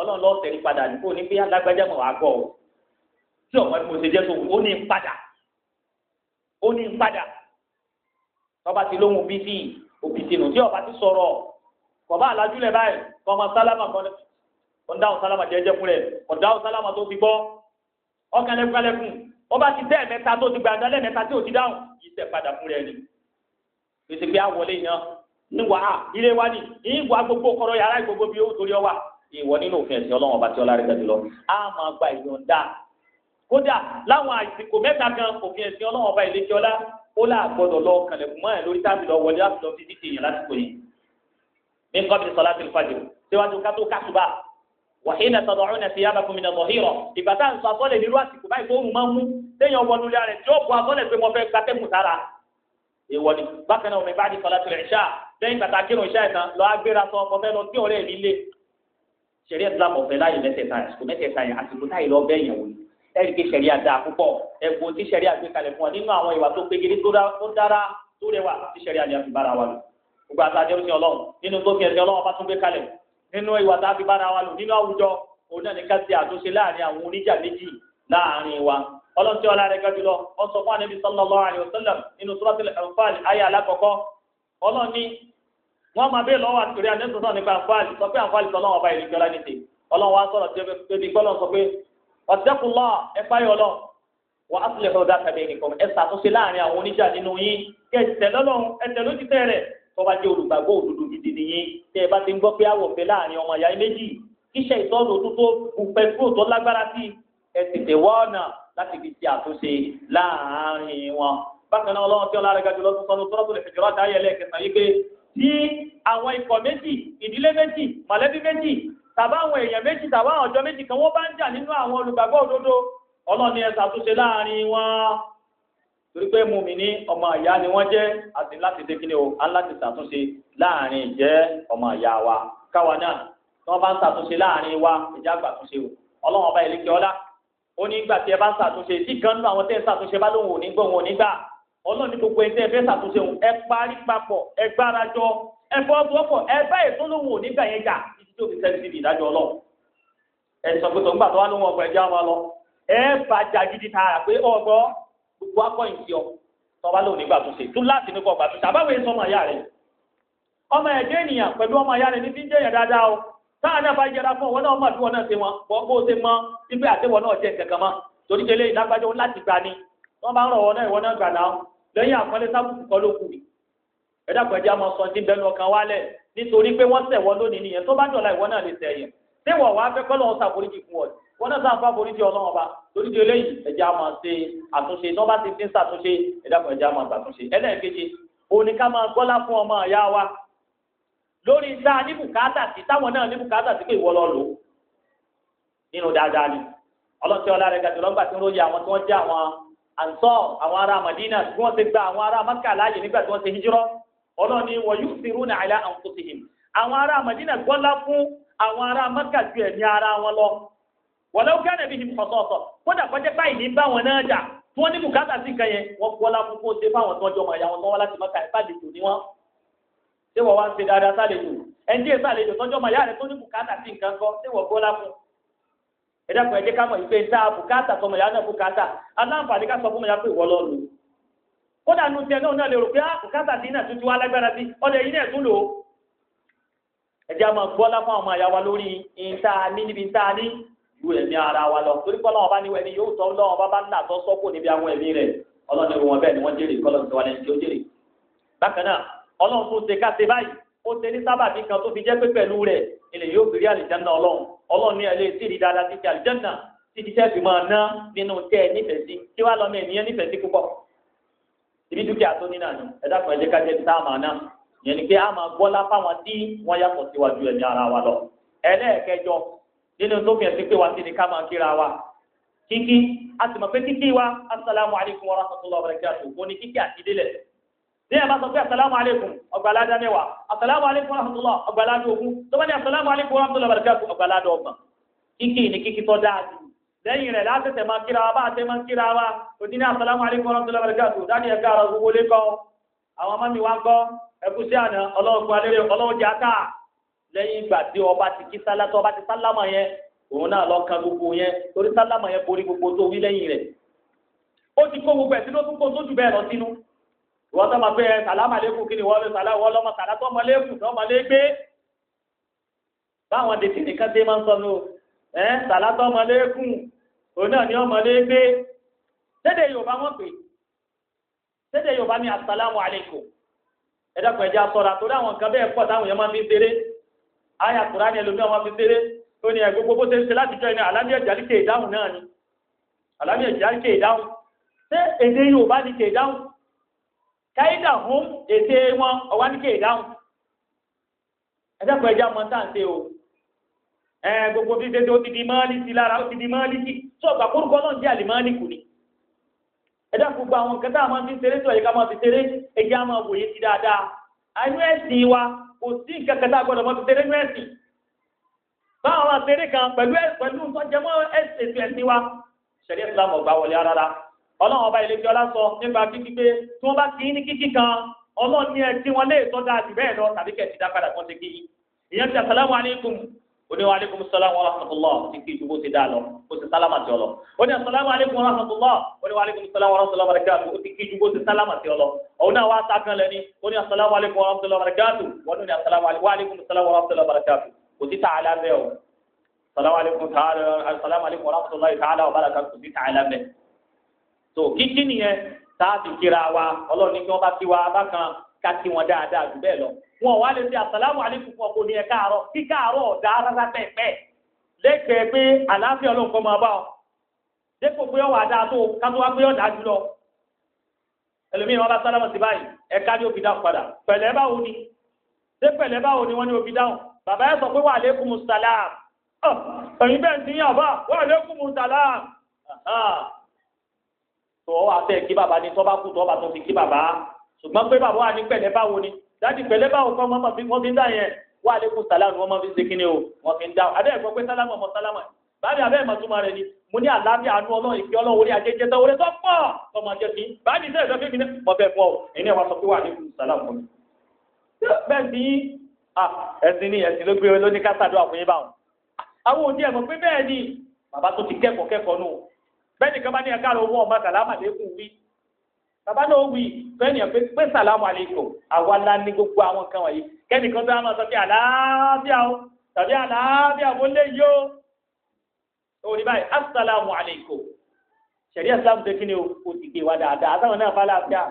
ọlọ́run lọ́ọ́ tẹ̀lé padà ní kò ní bí alágbájá mọ̀ wá gbọ́ o tí ọ̀pọ̀ ẹni mo ṣe jẹ́ sóhun ó ní padà ó ní padà tọ́ba ti lóhun bí sí òbítì nù tí ọba ti sọ̀rọ̀ kọ̀ọ̀bá àlájúlẹ̀ báyìí kọ́mọ sálámà kan ọ̀dáhùn sálámà jẹ́jẹ́ fúnlẹ̀ ọ̀dáhùn sálámà tó ti gbọ́ ọ̀kànlẹ̀kùnlẹ̀kùn ọba ti tẹ́ ẹ̀mẹ́ta tó ti gbàdá lẹ́mẹ́ta tí ò ti dáhùn yìí tẹ̀ padà fúnlẹ̀ ni èsì pé àwọlé yan ní wàá ilé wa ni ìwà gbogbo kọ̀rọ̀ yàrá ìgbogbo bí ó torí ọwà ìwọ nínú òfin ẹ̀sìn ọlọ́run ọba tí ọlá rẹ̀ gàdí lọ á máa gba ìyọ̀ǹda kódà láwọn àsìkò mẹ́ta gan òfin ẹ̀sìn ọlọ́run ọba ìlẹ́kẹ́ ọlá ó là gbọ́dọ̀ lọ kànlẹ̀kùn mọ́ ẹ̀ lórí táàbì lọ wọlé láti lọ sí dídì èèyàn lásìkò yìí ní nǹkan bíi sọlá tìlú fàjò síwájú kátó kásùbà wàhíì náà sọdọ̀ ọ̀rùn ẹ̀sìn yábà fún mi náà zọ̀hírọ̀ ìgbà tá à ń sọ abọ́lẹ̀ nírú àsìkò báyìí tó rùn máa ń mú téèyàn wọnú ilé rẹ̀ tí ó bu abọ́lẹ̀ pé mo fẹ́ gbàtẹ́kùn sára èèwọ̀ ni bákan náà mi bá di sọlá tìlú ẹ̀ṣá lẹ́yìn gbàtà kírun iṣẹ́ ìtàn lọ agbéra sọ ọmọ fẹ́ lọ kí ọ̀rẹ́ mi lé ṣẹ̀rí ẹ̀sìn lápọ̀ fẹ́ láyé mẹ́tẹ̀ẹ̀ta àsìkò mẹ́tẹ̀ẹ̀ta yẹn àsìkò táyì lọ bẹ́ẹ̀ yẹn wò ni ẹ̀rí pé sẹ̀ríà dáa púpọ̀ ẹ̀kọ́ tí sẹ̀ríà gbé kalẹ̀ fún ọ nínú àwọn ìwà tó pegere tó dára tó rẹwà tí sẹ̀ríà ni a fi bára wa lò gbogbo àtàdé ọ̀sìn ọlọ́run nínú tó fi ẹ̀sìn ọlọ́run bá tún gbé kalẹ̀ nínú ìwà tá a fi bára wa lò nínú àwùjọ òun náà ní ká ṣe àtúnṣe láàrin àwọn oníjà méjì láàrin wa ọlọ́run ọlá rẹ̀ ga jùlọ ó sọ fún ànábì sallallahu alaihi wasallam nínú suratul Anfal ayé alákọ̀ọ́kọ́ ọlọ́run ní wọ́n máa bẹ́ẹ̀ lọ́wọ́ àtìrí Anfal sọ Anfal sọ lọ́wọ́ ọba ìrìnkọ́lá ní ti ọlọ́run wa sọ̀rọ̀ débi gbọ́dọ̀ ọ̀dẹ́kùnlá ẹ̀páyọ̀ lọ wà á tilẹ̀ fẹ́ ọ̀dà tàbí ẹnìkan ẹ ṣàtúnṣe láàrin àwọn oníjà nínú yín kí ẹ tẹ̀ lọ́lọ́run ẹ tẹ̀ lójú tẹ̀ rẹ̀ tó bá jẹ́ olùgbàgbọ́ òdodo gidi nìyẹn tẹ́ ẹ bá ti ń gbọ́ pé àwọ̀ fẹ́ láàrin ọmọ ìyá méjì kíṣẹ́ ìtọ́nù tó tó bùpẹ́ kúrò lágbára sí ẹ tètè wá láti fi ṣe àtúnṣe láàrin wọn. bákan náà tàbá àwọn èèyàn méjì tàbá àwọn ọjọ́ méjì kan wọ́n bá ń jà nínú àwọn olùgbàgbọ́ òdodo ọlọ́run ni ẹ ṣàtúnṣe láàrin wọn torí pé mùmíní ọmọ ìyá ni wọ́n jẹ́ àti láti ṣe kíni o aláti ṣàtúnṣe láàrin ìjẹ́ ọmọ ìyá wa káwa náà tí wọ́n bá ń ṣàtúnṣe láàrin wa ìjà àgbàtúnṣe o ọlọ́run ọba ìlékè ọlá ó ní ìgbà tí ẹ bá ń ṣàtúnṣe tí kan nínú àwọn tẹ́ ń ṣàtúnṣe bá lóun ò ní gbọ́ òun ò ní gbà ọlọ́run ní gbogbo ẹni tẹ́ ẹ fẹ́ ṣàtúnṣe òun ẹ parí papọ̀ ẹ gbárajọ ẹ fọwọ́sowọ́pọ̀ ẹ bá ètò lóun ò gbà yẹn tí òfin sẹ́ni síbi ìdájọ́ ọlọ́run ẹ̀sìn ọ̀gbẹ́sọ̀ ńgbà tó wá lóhun ọgbà ẹ̀jẹ̀ àwọn ẹ̀ gidi tààrà pé ọgbọ́ gbogbo akọ́yìn sí ọ tọ́ba lóhun nígbà tó ṣe tún láti ní ọgbà tó ṣe àbáwọ̀ èso ọmọ ìyá rẹ̀ ọmọ ẹ̀jẹ̀ ènìyàn pẹ̀lú ọmọ ìyá rẹ̀ ní ti ń jẹ́yàn dáadáa o táwọn náà bá yẹra fún ọwọ́ náà mọ̀ bí náà ṣe wọn bọ́ bó ṣe ẹ̀dá pẹ̀lú àmọ́ sọ ní bẹ́ẹ̀ lọ́kàn wálẹ̀ nítorí pé wọ́n sẹ̀wọ́ lónìí nìyẹn tó bá dọ̀la ìwọ náà lè sẹ̀yìn tẹ́wọ̀ wá fẹ́ kọ́ lọ́wọ́ sàforíjì fún ọ wọn náà sàn fáforíjì ọlọ́wọ́n ba torí di eléyìí ẹ̀já máa ṣe àtúnṣe tó bá ti fi ń ṣàtúnṣe ẹ̀dá pẹ̀lú ẹ̀já máa ṣàtúnṣe ẹlẹ́ẹ̀kejì òní ká máa gbọ́lá fún ọmọ ìyá wa lórí tá a ní bùkátà sí táwọn náà ní bùkátà sí pé ìwọ lọ lò nínú dáadáa ni ọlọ́tí ọlá rẹ̀ gàdúrà ń gbà tí ń ròyìn àwọn tí wọ́n jẹ́ àwọn àǹsọ́ àwọn ará Madina tí wọ́n ti gba àwọn ará Maka láàyè nígbà tí wọ́n ti hijrọ́ ọlọ́run ni wọ́n yóò fi rúnà àìlá àwọn tó ti hìm àwọn ará Madina gbọ́lá fún àwọn ará Mẹ́kà ju ẹ̀mí ara wọn lọ wọ́n lọ́wọ́ kí ànàbí hìm sọ̀tọ̀ọ̀tọ̀ kódà kọjá báyìí ní bá wọn náà jà tí wọ́n ní bùkátà sí nǹkan yẹn wọ́n gbọ́lá fún kó ṣe fáwọn tó jọmọ ìyá wọn tó wá láti Mẹ́kà ẹ̀ sálejò ni wọ́n ṣé wọ́n wá ń ṣe dáadáa sálejò ẹni díẹ̀ sálejò tó jọmọ ìyá rẹ̀ kódà nu tiẹ̀ náà lè rò pé àkùkátà ah, sí náà tuntun alágbára sí ọdẹ yìí náà tún lò ó ẹjẹ́ a máa gbọ́lá fún àwọn àyàwó lórí ìta ní níbi ìta ní ju ẹ̀mí ara wa lọ torí pé ọlọ́wọ́n bá ní yóò tọ́ lọ́wọ́n bá bá ń nà sọ́kù níbi àwọn ẹ̀mí rẹ̀ ọlọ́run irun ni wọ́n jèrè kọ́lọ́ ti wà lẹ́yìn tí ó jèrè bákan náà ọlọ́run tó ṣe káṣe báyìí ó ṣe ní sábàbí kan tó fi jẹ́ pé pẹ̀lú rẹ̀ ilẹ̀ yóò fi rí àlìjánná ọlọ́run ọlọ́run ní ẹlẹ́ tí ì rí dáadáa ti ti àlìjánná nífẹ̀ẹ́ sí tí wàá lọ́mọ ènìyàn nífẹ̀ẹ́ sí púpọ̀ ibi dúkìá tó ní náà ni ẹ dákun ẹ jẹ́ ká jẹ́ ti táàmà náà yẹn ni pé a máa gbọ́ lápá wọn tí wọ́n yàtọ̀ síwájú ẹ̀mí ara wa lọ ẹlẹ́ẹ̀kẹjọ nínú tó fi ẹ̀sìn pé wá sí ni ká máa kíra wa kíkí a sì mọ̀ pé kíkí wa asalaamu aleykum wa rahmatullahi wa barakatuh kò ní kíkí àti délẹ̀ ní ẹ̀ bá sọ pé asalaamu aleykum ọgbàládá mẹ́wàá asalaamu aleykum wa ọgbàládá ogún tó bá ní asalaamu aleykum wa wa barakatuh ọgbàládá ọgbọ̀n kíkí ni kíkí tó dáa jù lẹ́yìn rẹ̀ látẹ̀tẹ̀ máa kíra wa bá àtẹ̀ máa kíra wa òní ní asàlámù alaykum wa rahmatullahi wa barakatuh dáàdì ẹ̀ka ara gbogbo lé kọ́ àwọn ọmọ mi wá gbọ́ ẹkú sí àná ọlọ́run fún alẹ́rẹ́ ọlọ́run jẹ́ ata lẹ́yìn ìgbà tí ọba ti kí sálátọ́ ọba ti sálámà yẹn òun náà lọ kan gbogbo yẹn torí sálámà yẹn borí ẹ sàlátọ ọmọlẹ́kùn òun náà ni ọmọlẹ́gbẹ́ sédè yorùbá wọn pè sédè yorùbá ni asàlámù alẹ́kùn ẹ dákun ẹ̀jẹ̀ asọ́ra torí àwọn nǹkan bẹ́ẹ̀ pọ̀ táwọn èèyàn fi ṣeré àyà kùránì ẹlòmíràn máa fi ṣeré ó ní ẹ̀gbọ́n gbogbo ṣe ń ṣe láti jọ ẹni náà ni ṣé èdè yorùbá káyídà hún wọn ọ̀wá ní o ẹ gbogbo fi ṣe tó ti di máàlìkì lára ó ti di máàlìkì tó ọgbà kórúkọ náà jẹ́ àlè máàlìkù ni ẹ̀dá gbogbo àwọn nǹkan tá a máa fi ṣeré tó ẹ̀yẹ ká máa fi ṣeré ẹ̀jẹ̀ á máa wòye sí dáadáa àánú ẹ̀sìn wa kò sí nǹkan kan tá a gbọ́dọ̀ máa fi ṣeré nú ẹ̀sìn báwọn máa ṣeré kan pẹ̀lú ẹ̀sìn ẹ̀sìn wa ṣẹ̀rí ìsìlámù ọ̀gbà wọlé rárá ọlọ́run ọba ilé fiọlá sọ nípa kíkí pé tí wọ́n bá kí ní kíkí kan ọlọ́run ní ẹ tí wọ́n lè tọ́ da jù oní wa aleykum salaam wa rahmatulah ti kí ju bó ti dá lọ bó ti sálámà ti ọlọ oní asalaamu aleykum wa rahmatulah oní wa aleykum salaam wa rahmatulah barakatu o ti kí ju bó ti sálámà ti ọlọ òun náà wá sákan lẹni oní asalaamu aleykum wa rahmatulah barakatu wọn ní asalaamu aleykum wa rahmatulah barakatu kò sí tààlà bẹ́ẹ̀ o salaam aleykum taala asalaamu aleykum wa rahmatulah taala wa barakatu kò sí tààlà bẹ́ẹ̀. so kíkí nìyẹn tá a ti kíra wa ọlọ́run ní kí wọ́n bá kí wa bákan ká kí wọn dáadáa jù bẹ́ẹ̀ lọ wọn wá lè fi àsàlámù alaykum fún ọkọ ní ẹ káàárọ̀ kí káàárọ̀ ọ̀dà rárá pẹ́ẹ́pẹ́ lẹ́gbẹ̀ẹ́ pé àlàáfíà ọlọ́run kọ́ máa bá ọ dépò pé ọwọ́ àdá tó ká tó wá pé ọ̀dà jù lọ ẹlòmíì wọn bá sálámù sí báyìí ẹ ká ní òbí dáhùn padà pẹ̀lẹ́ báwo ni dé pẹ̀lẹ́ báwo ni wọ́n ní òbí dáhùn bàbá ẹ sọ pé wa alaykum salam ah, ẹ̀yin bẹ́ẹ̀ ti yàn bá wa alaykum salam ah, ah. tó ọwọ́ àfẹ́ kí bàbá ni tọ́ bá kú tọ́ bá tó fi kí bàbá ṣùgbọ́n pé bàbá wa ní pẹ̀lẹ́ báwo ni dájú pẹ̀lẹ́ báwo kọ́ wọ́n fi ń dá yẹn wà lẹ́kùn sàlámù wọ́n máa fi ń ṣe kíni o wọ́n fi ń dá abẹ́ ẹ̀kọ́ pé sálámù ọmọ sálámù báyìí abẹ́ ìmọ̀túnmọ̀ rẹ̀ ni mo ní àlàáfíà àánú ọlọ́run ìfẹ́ ọlọ́run orí ajé jẹta orí tó pọ̀ tọmọ jẹ sí báyìí sẹ́yìn sọ fún mi mọ bẹ́ẹ̀ fún ọ ẹni ẹ̀ wá sọ pé wà ní sàlámù fún mi. bẹ́ẹ̀ ni ẹ̀sìn ni ẹ̀sìn ló gbé lóní kásádùn àfúnyín báwọn. àwọn òdi ẹ̀mọ̀ pé bẹ́ẹ̀ ni bàbá tó ti kẹ́kọ̀ọ́ kẹ́kọ̀ọ́ nù bẹ́ẹ̀ nìkan bá ní ẹ̀ka àrò owó ọmọ sàlámà lẹ́kùn wí bàbá náà wí fẹ́ni ẹ̀ pé pé sàlámù àlékò àwa la ní gbogbo àwọn kan wọ̀nyí kẹ́nìkan tó máa sọ pé àlàáfíà o tàbí àlàáfíà mo lè yó òní báyìí asàlámù àlékò ṣẹ̀rí ẹ̀sìlámù tó kíni o ti gbé wa dáadáa àtàwọn náà fà láàfíà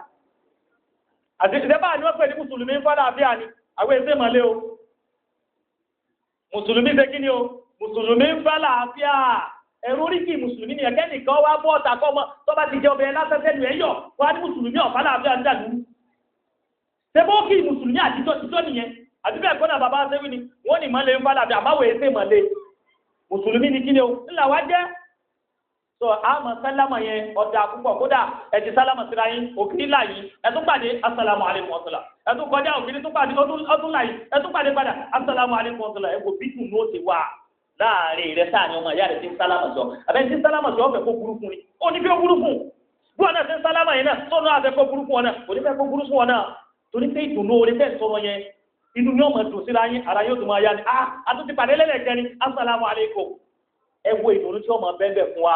àti ìdẹ́bà ni wọ́n pè ní mùsùlùmí fà láàfíà ni àwọn èsè mọ̀lẹ́ o mùsùlùmí ṣe kíni o mùsùlùmí fà láàfíà ẹ̀rú oríkì mùsùlùmí ni ẹ̀kẹ́ nìkan wá bọ́ ọ̀tà kọ́ ọmọ tó bá ti jẹ ọbẹ̀ lásẹ̀sẹ̀ lu ẹ̀yọ̀ wá ní mùsùlùmí ọ̀fà láàbíà ń dàlú. sẹ́bọ́ọ̀kì mùsùlùmí àtijọ́ tijọ́ nìyẹn àti bẹ́ẹ̀ kọ́nà bàbá sẹ́wì ni wọ́n ní mọ́lẹ̀ ń fàlàbí àbáwọ̀ èsè mọ́lẹ̀ mùsùlùmí ni kí ni o ńlá wá jẹ́ so àmọ́ sálámà yẹn ọ̀dà púpọ̀ kódà ẹ̀jẹ̀ sálámà síra yín òkìrí láàyè ẹ̀tún pàdé asàlámù àlékún ọ̀sọ̀là ẹ̀tún kọjá òkìrí tún pàdé ọdún láàyè ẹ̀tún pàdé padà asàlámù àlékún ọ̀sọ̀là ẹ̀kọ́ bíkùn ní ó ti wà á láàrin rẹ sáàni ọmọ ìyá rẹ ti ń sálámà sọ àbẹ ti ń sálámà sọ ọfẹ kó burúkú ni ó ní bí ó bí wọn náà ti ń sálámà yẹn náà sọnà àfẹ kó wọn náà kò ní fẹ kó burúkú náà torí pé ìdùnnú yẹn inú ni ọmọ dùn síra ara yóò tún máa yá ni ah, pàdé ni ẹ wo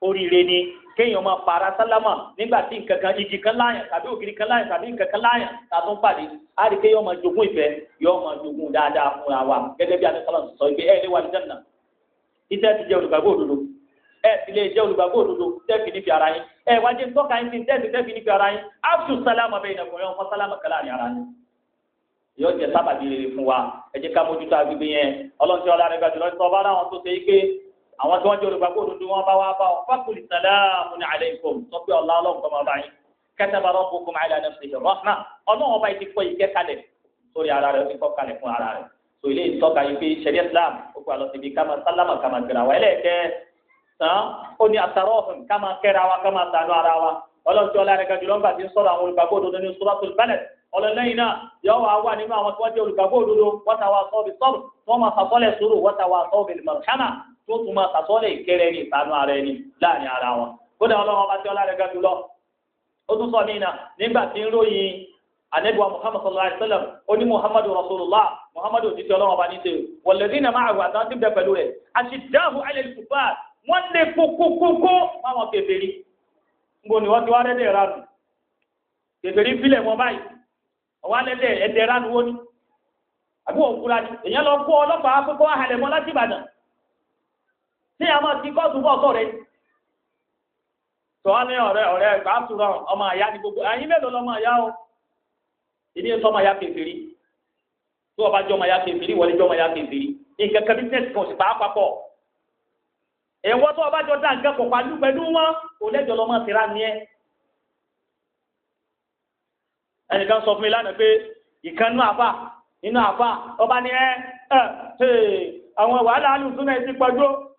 oríire ni kéèyàn máa para sálámà nígbà tí nǹkan kan igi kan ogiri tàbí ògiri kan láyàn tàbí nǹkan kan láyàn tá a tún pàdé á rí i pé yóò máa jogún ìfẹ́ yóò máa jogún dáadáa wa gẹ́gẹ́ bí adé sọlọ́n sọ ẹ̀ lé wa ní jẹ́nà iṣẹ́ ti jẹ́ olùgbàgbọ́ òdodo ẹ̀ sì lè jẹ́ olùgbàgbọ́ òdodo tẹ́ẹ̀fì nífi ara yín ẹ̀ wájú tọ́ka yín ti tẹ́ẹ̀fì tẹ́ẹ̀fì fi ara yín áfù sálámà bẹ́ẹ̀ nàkùnrin ọmọ àwọn tí wọ́n jẹ́ olùgbàgbọ́ òdodo wọn bá wá bá ọ fákùlì sàlámù ní alaykum sọ pé ọ̀la ọlọ́run kọ́ máa bá yín kataba rabbukum ala nafsihi rahma ọlọ́run ọba ti kọ́ ìkẹ́ kalẹ̀ sórí ara rẹ̀ ó ti fún ara rẹ̀ tó ilé ìtọ́ka yìí pé sẹ́rí islam ó kọ́ àlọ́ síbi sálámà ká gbéra wa ẹlẹ́ẹ̀kẹ́ tán ó ní àtàrọ̀ ọ̀hún ká máa wa ká sànú ara wa ọlọ́run tí náà yọ wá wà nínú àwọn tí wọ́n jẹ́ olùgbàgbọ́ òdodo wọ́n ta wá sọ́ọ̀bì sọ́ọ̀bì wọ́n máa fàkọ́lẹ̀ sùúrù wọ́n ta wá sọ́ọ̀bì mọ̀ọ́kámà tó tún máa sàtọ́lẹ̀ ìkẹrẹ ní ìtanú ara ẹni láàrin ara wọn kódà ọlọ́run ọba tí ọlá rẹ̀ lọ ó tún sọ nínà nígbà tí ń ròyìn sallallahu wa sallam ó ní muhammadu rasulullah muhammadu òtítọ́ ọlọ́run ọba ní ṣe walladhina ma'ahu àtàwọn tí ń bẹ pẹ̀lú rẹ̀ ashiddahu 'ala al-kuffar wọ́n lè máwọn ngbò wọ́n ti wá lẹ́dẹ̀ ránu wọn báyìí lẹ́dẹ̀ ẹ̀dẹ̀ ránu àbí tí a máa ti kọ́ọ̀tù bọ̀ sọ rẹ̀ tọ́wọ́ ní ọ̀rẹ́ ọ̀rẹ́ ẹ̀gbá tura ọmọ àyá ni gbogbo ẹ̀yin mélòó lọ́mọ àyá o ìdí ètò ọmọ àyá kẹfìrí tó ọba jọ ọmọ àyá kẹfìrí wọlé jọ ọmọ àyá kẹfìrí nǹkan kan bísíǹsì kan sì pa á ẹ̀wọ́ tó ọba jọ dá nǹkan pọ̀ pàlú pẹ̀lú wọn kò lẹ́jọ́ lọ́mọ tìra ni ẹ ẹnìkan sọ fún mi lánàá pé ìkan nú àfà nínú àfà ọba ni ẹ ẹ àwọn wàhálà alùsùn náà ti pọ̀jù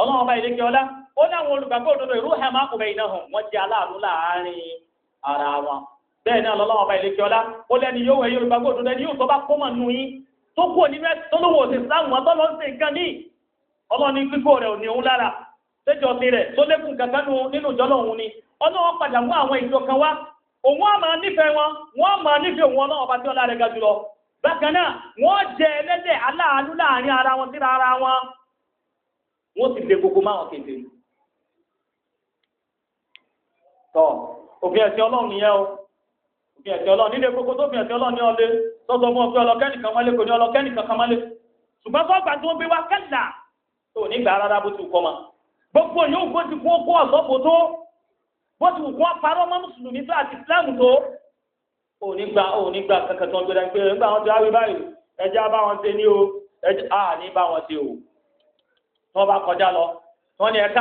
ọlọ́run ọba ìdíkẹ́ ọlá ó ní àwọn olùgbàgbọ́ òdodo ìrú hẹ̀má kò bẹ̀yìn náà hàn wọ́n jẹ́ aláàánú láàárín ara wọn bẹ́ẹ̀ náà lọ́lọ́run ọba ìdíkẹ́ ọlá ó lẹ́ni yóò wẹ̀ olùgbàgbọ́ òdodo ẹni yóò tó bá kó mọ̀ nù yín tó kú òní rẹ̀ tó lówó òsì sáwọn ọlọ́run sì nǹkan ní ọlọ́run ní gbígbó rẹ̀ òní òun lára lẹ́jọ́ ti rẹ̀ tó lékun kankan ara wọn ara wọn wọ́n sì lé gbogbo máwọn kéde rí. tọ́ òfin ẹ̀sìn ọlọ́run nìyẹn o òfin ẹ̀sìn ọlọ́run nílé gbogbo tó fi ẹ̀sìn ọlọ́run ní ọlé tọ́tọ́ mọ́ pé ọlọ́kẹ́nìkan mọ́lé kò ní ọlọ́kẹ́nìkan kan mọ́lé ṣùgbọ́n fọ́gbà tí wọ́n gbé wá kẹ́là tó nígbà rárá bó ti kọ́ ma gbogbo yóò gbó ti kó kó ọ̀sọ́pọ̀ tó bó ti kó parọ́ mọ́ mùsùlùmí tó àti islámù tó onígbà onígbà kankan tó ń gbé dání pé nígbà wọn ti wá wí báyìí ẹjẹ́ bá wọn ṣe ní o ẹjẹ́ àní bá wọn ṣe o. tó bá kọjá lọ wọ́n ní kí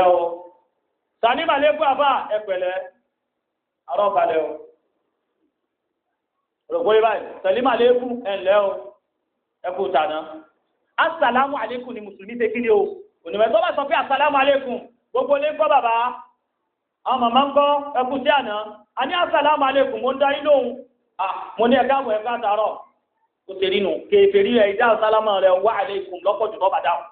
o sani o rògbò yìí báyìí sani o ni kí ni o onímọ̀ tó bá sọ pé gbogbo gbọ́ bàbá àwọn màmá ń gbọ́ ẹkú sí àná a ní asàlámù àlékún mo ń darí lóhùn ah, mo ní ẹ̀ka àbọ̀ ẹ̀ka àtàrọ̀ ó ṣe rí nu kèfèrí rẹ̀ ìdá sálámà rẹ̀ wà àlékún lọ́pọ̀ jù lọ́ba dáhùn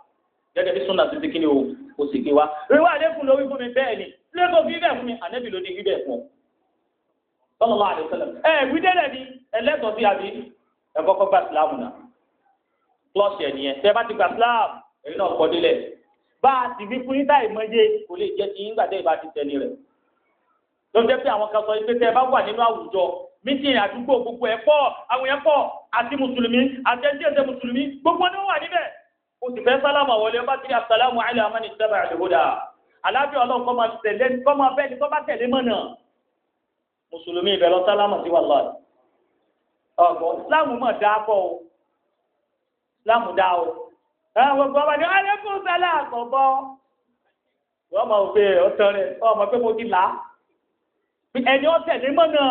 gẹ́gẹ́ bí súnà títí kí ni o kò sì gbé wa rí wà àlékún lórí fún mi bẹ́ẹ̀ ni lẹ́kọ̀ọ́ fi bẹ́ẹ̀ fún mi ànẹ́bì ló ní fi bẹ́ẹ̀ fún ọ. sọlọ́lá àdìsẹ́lẹ̀ ẹ ẹ̀gbí délẹ̀ ni ẹlẹ́tọ̀ọ́ sí àbí ẹ̀kọ́kọ́ gba sílámù náà klọ́ọ̀ṣì ẹ̀ nìyẹn tẹ́ bá ti gba sílámù èyí náà kọ́ a ti fi fún yín táì mítìn àdúgbò gbogbo ẹ̀ pọ̀ àwọn yẹn pọ̀ àti mùsùlùmí àti ẹni tí ẹsẹ̀ mùsùlùmí gbogbo ni wọ́n wà níbẹ̀ o sì fẹ́ sálámà wọlé bá ti àsàlámù àlẹ́ àmọ́ni sábà àdìhódà alábíà ọlọ́run kọ́ máa tẹ̀lé kọ́ máa bẹ́ẹ̀ ni kọ́ bá tẹ̀lé mọ́nà mùsùlùmí ibẹ̀ lọ sálámà sí wà lọ́ọ̀dì ọ̀gbọ́n láàmú mọ̀ dáa pọ̀ o láàmú dáa o ẹ̀rọ gbogbo ọba ni alẹ́kùn sálà àkọ́bọ́ wọ́n mọ̀ pé ọ̀tọ̀ rẹ̀ ọmọ pé mo ti là á ẹni ọ̀tẹ̀lé mọ́nà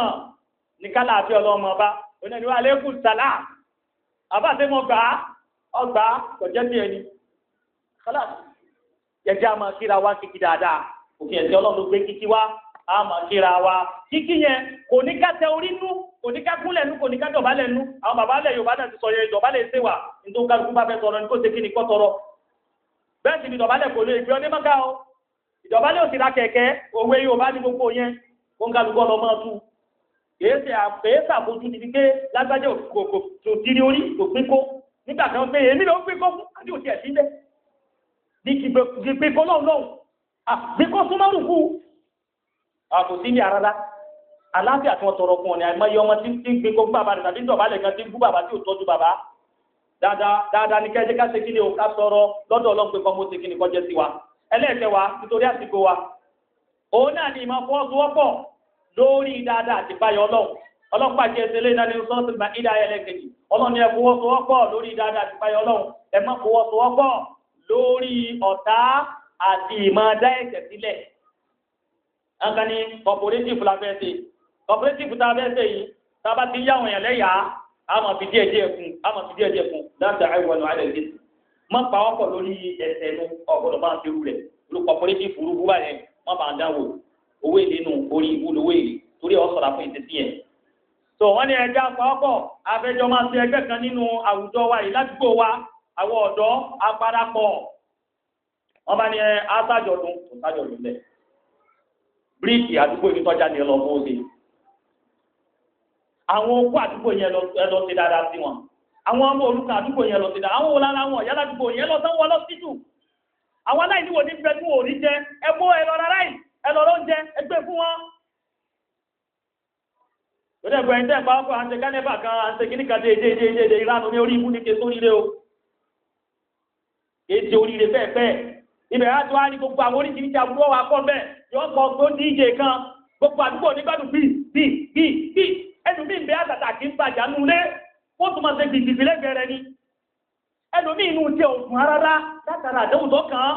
ní kálá àti ọlọ́mọ ọba onídìí wa alẹ́kùn sàlá àbáṣe mo gbà á ọgbà kọjẹ́ tiẹ̀ ni kálá jẹjẹ́ a máa kíra wa kíkí dáadáa òfin ẹ̀sìn ọlọ́run ló gbé kíkí wa a máa kíra wa kíkí yẹn kò ní ká tẹ orí nú kò ní ká kúnlẹ̀ nú kò ní ká dọ̀bálẹ̀ nú àwọn bàbá alẹ́ yorùbá náà ti sọ yẹn dọ̀bálẹ̀ ṣe wà nítorí kálukú bá fẹ́ sọ̀rọ̀ ní kó ṣe kí ni kọ́ bẹ́ẹ̀ sì ni dọ̀bálẹ̀ kò lè gbé ọ mọ́ká o ìdọ̀bálẹ̀ òsì ra kẹ̀kẹ́ òwe yorùbá ní gbogbo yẹn kó ń kálukú ọlọ́mọ tú kèésì àpèésà àbójú ti fi gbé lágbájá òkò tó dirí orí kò pín kó nígbà tí wọn pé èmi ló ń pín kó fún àti òtí ẹsìn bẹ ní gbígbé kó lọ́hùn lọ́hùn àgbé kó súnmọ́ rùkú àbòsí ní àràrá aláfíà tí wọn tọrọ fún ọ ní àìmọye ọmọ tí ń gbé kó fún bàbá rẹ tàbí dọ̀bálẹ̀ kan tí ń bú bàbá tí ò tọ́jú bàbá dáadáa dáadáa ní kẹ́jẹ́ ká ṣe kí ni o ká sọ̀rọ̀ lọ́dọ̀ ọlọ́pẹ́ kan mo ṣe kí ni kọjá sí wa ẹlẹ́ẹ̀kẹ́ wa nítorí àsìkò wa òun náà ni ìmọ̀ fọ́ọ́sowọ́pọ̀ lórí dáadáa àti báyọ̀ ọlọ́run ọlọ́run pàṣẹ ìṣẹ̀lẹ̀ ìdáni sọ́ọ̀tì ìgbà ìdá ẹlẹ́kẹ̀jì ọlọ́run ni ẹ fọwọ́sowọ́pọ̀ lórí dáadáa àti báyọ̀ ọlọ́run ẹ má fọwọ́sowọ́pọ̀ lórí ọ̀tá àti ìmọ̀ọ́dá ẹ̀ṣẹ̀ sílẹ̀ nǹkan ni cooperative la fẹ́ ṣe cooperative tá a fẹ́ ṣe yìí tá a bá ti yáwọn èèyàn lẹ́yà á mọ̀ fi díẹ̀ díẹ̀ kún á mọ̀ fi díẹ̀ díẹ̀ kún láti àìwọ̀nù àlẹ́ ìdí má pa ọkọ̀ owó èlé nù orí ibú lówó torí ọ sọ̀rọ̀ fún ìtẹ́sí ẹ̀. tó wọ́n ní ẹja pàápọ̀ abẹ́jọ máa ṣe kan nínú àwùjọ wa yìí ládùúgbò wa àwọn ọ̀dọ́ apárapọ̀ wọ́n bá ní ẹ kò bíríkì àdúgbò yìí tọ́jà ní òde àwọn lọ sí dáadáa sí wọn àwọn ọmọ lọ sí dáadáa àwọn wọn yẹn lọ àwọn aláìníwò ní jẹ ẹgbó ẹ lọ lóúnjẹ ẹgbẹ́ fún wọn. lórí ẹgbẹ́ ẹni tẹ́ẹ̀pá ọkọ̀ àti kánẹ́bà kan àti kìnnìkà déédéédéédé ìlànà ní orí ibú ní késo oríire o kéde oríire fẹ́ẹ̀fẹ́ ibẹ̀ láti wá ní gbogbo àwọn oríṣiríṣi àbúrò wa kọ́ bẹ́ẹ̀ yọ pọ̀ tó díje kan gbogbo àdúgbò nígbàdùn bíi bíi bíi bíi ẹnu mi ń bẹ àtàtà kì í bàjá nulẹ̀ wọ́n tún máa ṣe gbìgbìgbì lẹ́gbẹ̀ẹ́ rẹ ni ẹnu mi inú jẹ́ òògùn rárá látara àdéhùn tó kàn án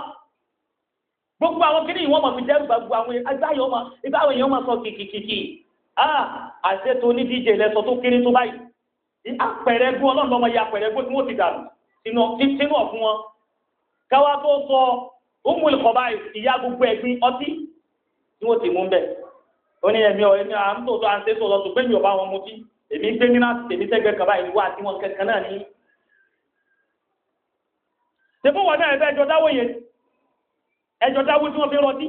gbogbo àwọn kìnìún ìwọ́n mọ̀ fi dẹ́rù bá gbogbo àwọn agbáyọ̀ ọmọ ibà àwọn èèyàn máa sọ kìkìkìkì àṣẹ tó ní díje lẹ́sọ tó kéré tó báyìí apẹ̀rẹ̀ gún ọlọ́run lọ́mọ yẹ apẹ̀rẹ̀ gún tí wọ́n ti dànù sínú ọ̀fun wọn káwá tó sọ òmùlù kọ̀ọ̀bá ìyá gbogbo ẹ̀gbin ọtí tí wọ́n ti mú bẹ́ẹ̀ ó ní ẹ̀mí ọ̀ ẹ̀mí à ń tòótọ́ à ń wọn mu ẹjọ́ dáwó tí wọn fi rọtí.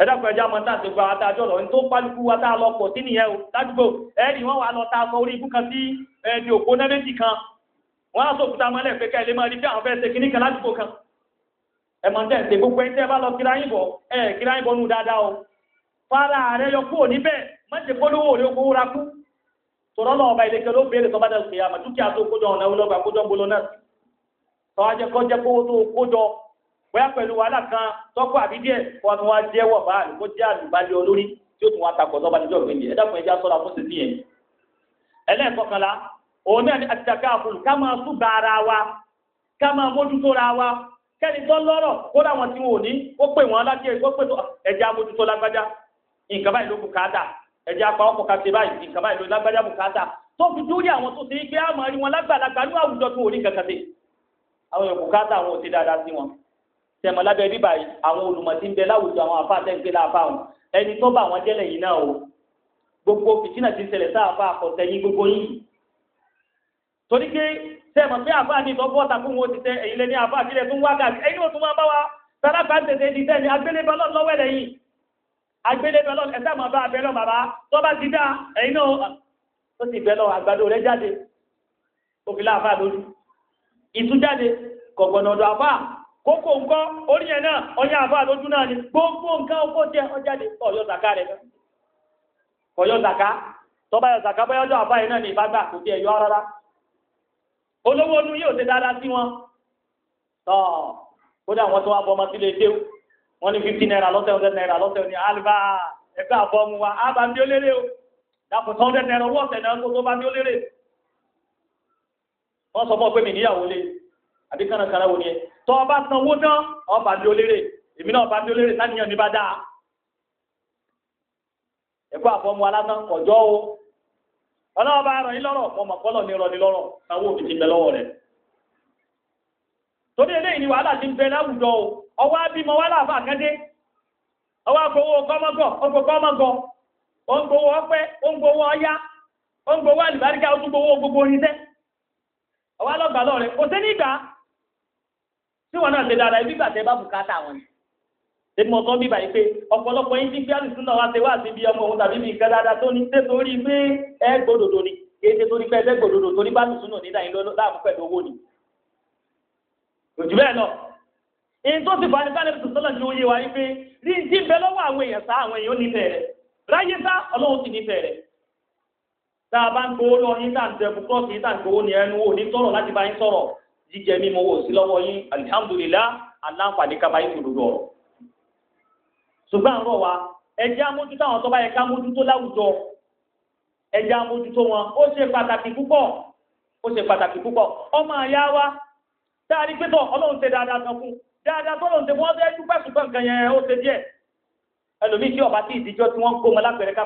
ẹ dákun ẹjọ́ àmọ́ a ti gba adájọ́ lọ ní tó pálukú wa tá a lọ pọ̀ sí nìyẹn o ládùúgbò ẹ̀ẹ́dì wọ́n wà lọ ta aṣọ orí ibùkan sí ẹ̀ẹ́dì òpó kan wọ́n á sòkúta mọ́lẹ̀ pé ká máa rí bí fara rẹ yọ kúrò níbẹ̀ má ṣe polówó rẹ owó ra kú. tòrọ́ lọ́wọ́ ọba ìlẹ́kẹ̀ ló béèrè tọ́ba dẹ̀ sèyàmà dúkìá tó kójọ ọ̀nà olóògbà bóyá pẹ̀lú wàhálà kan tọ́kọ̀ àbí díẹ̀ wọn tún wá jẹ́wọ́ báàlù kó jẹ́ àlùbálẹ̀ olórí tí ó tún wá takọ̀ tọ́ba níjọ́ ìgbìyànjú ẹ dákun ẹja sọ́ra fún títí yẹn. ẹlẹ́ẹ̀kọkànlá òun náà ni àtìjàká àfọlù ká máa tún bá ara wa ká máa mójútó ra wa kẹ́ni tó lọ́rọ̀ kó dáwọn tí wọn ò ní ó pè wọ́n lájẹ́ ó pè ẹja mójútó lágbájá nǹkan báyìí ló kù káàdà ẹja apáwọ́pọ̀ ká ṣe báyìí nǹkan báyìí ló lágbájá bù káàdà tó fi dúró àwọn tó ṣe é gbé tẹmọ lábẹ́ bíbá yìí àwọn olùmọtí ń bẹ láwùjọ àwọn àfa àtẹnpẹ láàfa wọn ẹni tó bá àwọn jẹlẹ yìí náà o gbogbo fìtínà ti ṣẹlẹ̀ sáàfà àkọsẹ yín gbogbo yín torí pé tẹmọ pé àfa àti ìtọ́fọ́ takùn wo ti tẹ ẹ̀yin lẹni àfa àti ilẹ̀ wá gàdí ẹ̀yin ò tún bá wa sálábà ń tètè di tẹ́ni agbélébẹ́ lọ́wọ́ ẹ̀ lẹ́yìn agbélébẹ́ lọ́wọ́ ẹ̀ sáà máa bá abẹ́rẹ́ bàbá tó bá ti dá kókó nǹkan oríyẹ náà ọjà àbá lójú náà ni gbogbo nǹkan ọkọ jẹ ọjà ní zaka rẹ ọyọ zaka tọba yọ zaka bọyọ ọjọ àbá yẹn náà ní ìbágbà kò yọ rárá olówó ọdún yóò ṣe dáadáa sí wọn kódà wọn tó wá ọmọ naira lọ́sẹ̀ hundred naira lọ́sẹ̀ ni alba wa àbá ń bí ó lérè o dàpọ̀ hundred naira owó ọ̀sẹ̀ náà tó bá bí ó wọn sọ fún tọ ọba sanwó ọba di olérè èmi náà ọba di olérè sáníyàn mi bá dáa ẹ̀kọ́ àfọmù alásán kọjọ́ o ọlọ́wọ́ bá rọ̀ yín lọ́rọ̀ ní rọ̀ ní lọ́rọ̀ sanwó ti bẹ lọ́wọ́ rẹ̀ ni wàhálà ti ń bẹ láwùjọ o ọwọ́ wàhálà ọwọ́ kọ́mọ́gọ̀ ọgbọ̀ kọ́mọ́gọ̀ ọpẹ́ ọyá àlùbáríkà tí wọn náà ṣe dára ibi gbàtẹ́ bá bùkátà wọn ni èmi ọ̀tọ́ bíbà yìí pé ọ̀pọ̀lọpọ̀ yín ti gbé àlùsùn náà wá ṣe wá sí ibi ọmọ òun tàbí mi nǹkan dáadáa tó ní ṣé torí pé ẹ gbódòdó ni kì í ṣe torí pé ẹ gbódòdó torí bá àlùsùn náà nídà yín láàmú pẹ̀lú owó ni. òjò bẹ́ẹ̀ lọ èyí tó sì bá ní sálẹ̀ tó sọ́lá ju oyè wa yìí pé rí ti bẹ lọ́wọ́ àwọn èèyàn sá àwọn èèyàn nífẹ̀ẹ́ rẹ̀ ráyé sá ọlọ́run sì nífẹ̀ẹ́ rẹ̀ tá a bá ń gbowó lọ tá à ń jẹ bukọ́ọ̀sì yín tá à ń gbowó ní ẹnu òní sọ̀rọ̀ láti bá jíjẹ mímu owó sí lọ́wọ́ yín alihamudulilayi aláǹfààní kaba yín tòdodo ọ̀rọ̀ ṣùgbọ́n àárọ̀ wa ẹjẹ́ amójútó àwọn tó bá yẹ ká mójútó láwùjọ ẹjẹ́ amójútó wọn ó ṣe pàtàkì púpọ̀ ó ṣe pàtàkì púpọ̀ ọmọ àyá wa táàrí pẹ́tọ̀ ọlọ́run ṣe dáadáa kan fún dáadáa tó lọ́run ṣe wọ́n fẹ́ dúpẹ́ ṣùgbọ́n nǹkan yẹn ó ṣe díẹ̀ ẹlòmíì tí ọba tí ìdíjọ́ tí wọ́n ń mọ lápẹ̀rẹ̀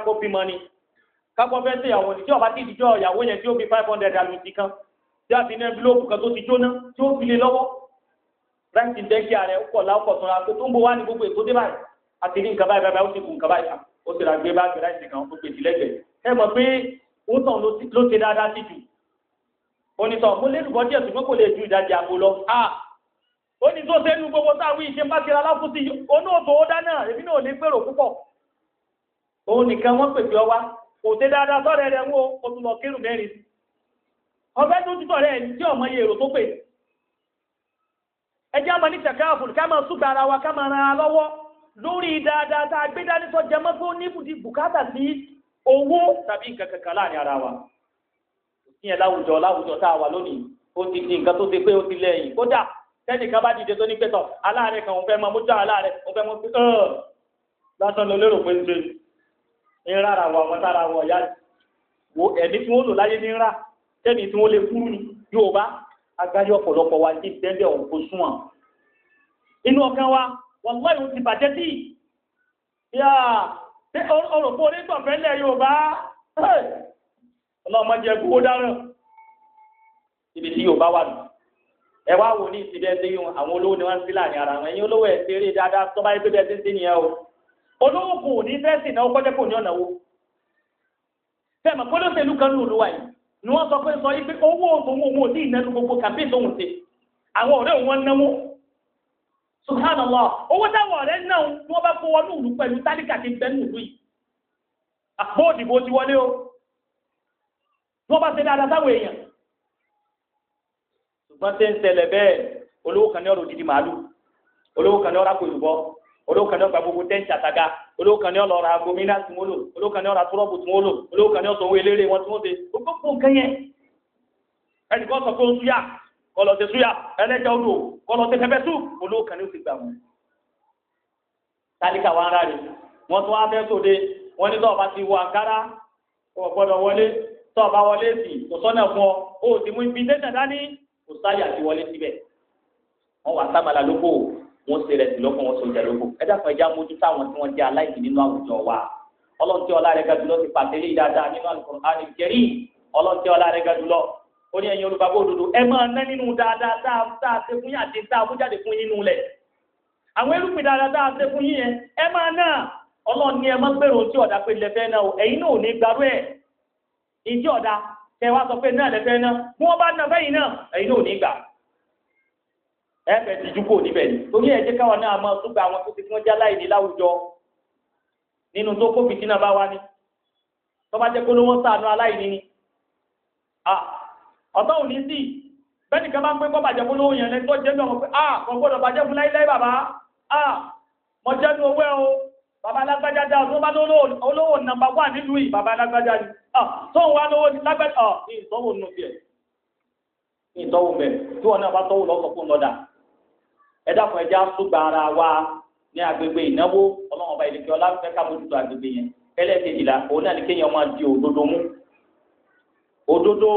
kápọ́ tí a fi ní ẹbílóòpù kan tó ti jóná tí ó fi lé lọ́wọ́ láti dẹ́kí ààrẹ ó kọ̀ láwùkọ̀ sanra pé tó ń bọ̀ wá ní gbogbo èkó dé báyìí àti ní nǹkan báyìí báyìí ó ti kù nǹkan báyìí ó ti ra gbé bá gbẹ̀rẹ̀ àìsàn kan ó pèsè lẹ́gbẹ̀ẹ́ ẹ mọ̀ pé ó tàn ló ti dáadáa sí jù onítọ̀ mo lé lùbọ́ díẹ̀ ṣùgbọ́n kò lè ju ìdajì àpò lọ a ó ní tó sẹ́nu gbogbo táwọn ìṣe bá tira láfún sí oní òtò ó dáná èmi náà lè gbèrò púpọ̀ òun nìkan wọ́n pèsè ọwá kò sí dáadáa sọ́rẹ́ o tún ọ̀fẹ́ tó títọ̀ rẹ̀ ní tí ọmọ èrò tó pè ẹjẹ́ ọmọ ní tẹ̀káàfù ká máa súgbà ara wa ká máa ran lọ́wọ́ lórí dáadáa tá a gbé dání tó jẹ mọ́ pé ó ní fùdí bùkátà sí owó tàbí nǹkan kankan láàrin ara wa ìyẹn láwùjọ láwùjọ tá a wà lónìí ó ti di nǹkan tó ṣe ẹ̀mí tí wọ́n láyé ní ń tẹ́mi tí wọ́n lè kúrú ni yóò bá agbáyé ọ̀pọ̀lọpọ̀ wa dé bẹ́ẹ̀ ọ̀hún kó sún inú ọkàn wa wọn wọ́n ìhun ti bàjẹ́ tí ọ̀rọ̀ fún onítọ̀fẹ́ lẹ̀ yóò bá ọlọ́mọ jẹ kúrò dáràn ibi tí yóò bá wà nù. ẹ wá wò ní ìsìnkẹ́ ni wọ́n ń sí láàrin ara wọn ẹ̀yin olówó ẹ̀ ṣeré dáadáa tó bá yẹ pé bẹ́ẹ̀ ti ń sí nìyẹn o olówó kò ní fẹ́ẹ́ sì náà kọ́jẹ́ kò ní kan ní olúwa yìí ni wọ́n sọ pé sọ owó òun òun ò ìnẹ́nu gbogbo campaign lòun ṣe àwọn ọ̀rẹ́ òun wọn náwó subhanallah owó táwọn ọ̀rẹ́ náà wọ́n bá kó wọnú ìlú pẹ̀lú tálíkà ti bẹ́ẹ̀ o ni wọ́n bá olówó kan ní ọgbà gbogbo tẹ́ǹtì àtàgà olówó kan ní ọlọ́ra aago mínà tí wọ́n lò olówó kan ní ọ̀rà túrọ́bù tí wọ́n lò olówó kan ní ọ̀sán owó eléré wọn tí wọ́n ṣe gbogbo nǹkan yẹn ẹnì kan sọ pé ó súyà kọlọ tẹ súyà ẹlẹ́jà odò kọlọ tẹ pẹpẹ sú kan ní òsì gbà wọn. tálíkà wa ara rè wọn tún wá fẹ́ sóde wọn ní tọ́ọ̀bá ti wọ àǹkárá kò gbọ́dọ̀ wọlé tọ́ọ̀bá wọlé sí kò sọ́nà fún ọ o sì mú ibi tẹ́sán dání kò sáyà ti wọlé síbẹ̀ wọn wà sábàlá lóko wọ́n ṣe rẹ̀ sí lọ́kàn wọ́n sọjà lóko ẹ dákun ẹja mójútó àwọn tí wọ́n nínú àwùjọ wa ọlọ́run tí ọlá rẹ̀ ga jùlọ ti pàṣẹ lé dáadáa nínú ọlọ́run tí ọlá ga jùlọ ó ní òdodo ẹ máa ná nínú dáadáa tá a ṣe fún yín àti tá a fún yín àwọn irúgbìn a ṣe fún yín yẹn ẹ sọ pé náà náà bí wọ́n bá náà ẹ̀yin ẹ̀fẹ̀ tìjú kò níbẹ̀ ni torí ẹ̀ jẹ́ káwọn náà máa túgbà àwọn tó ti fún ọjà láì ní láwùjọ nínú tó kó fìtínà bá wá ní tó bá jẹ́ kó ló wọ́n sàánú aláìní ni ọ̀tọ́ ò ní sí bẹ́ẹ̀ nìkan bá ń pé kọ́ bàjẹ́ kó lówó yẹn lẹ́ni tó jẹ́ lọ́wọ́ pé a kò gbọ́dọ̀ bàjẹ́ fún láíláí bàbá a mo jẹ́ nu owó ẹ o bàbá alágbájá dá tó bá olówó nàmbà wà nílùú yìí bàbá alágbájá ni tó ń wá lówó lágbájá ìtọ́wò nù bẹ̀ tí wọn náà bá tọ́wò lọ́sọ̀ fún lọ́dà eda dákun ẹ jẹ́ ara wa ní agbègbè ìnáwó ọlọ́run ọba ìlẹ̀kẹ́ ọlárúfẹ́ kábòtútù agbègbè yẹn ẹlẹ́ẹ̀kejìlá òun náà ní kéèyàn máa di òdodo mú òdodo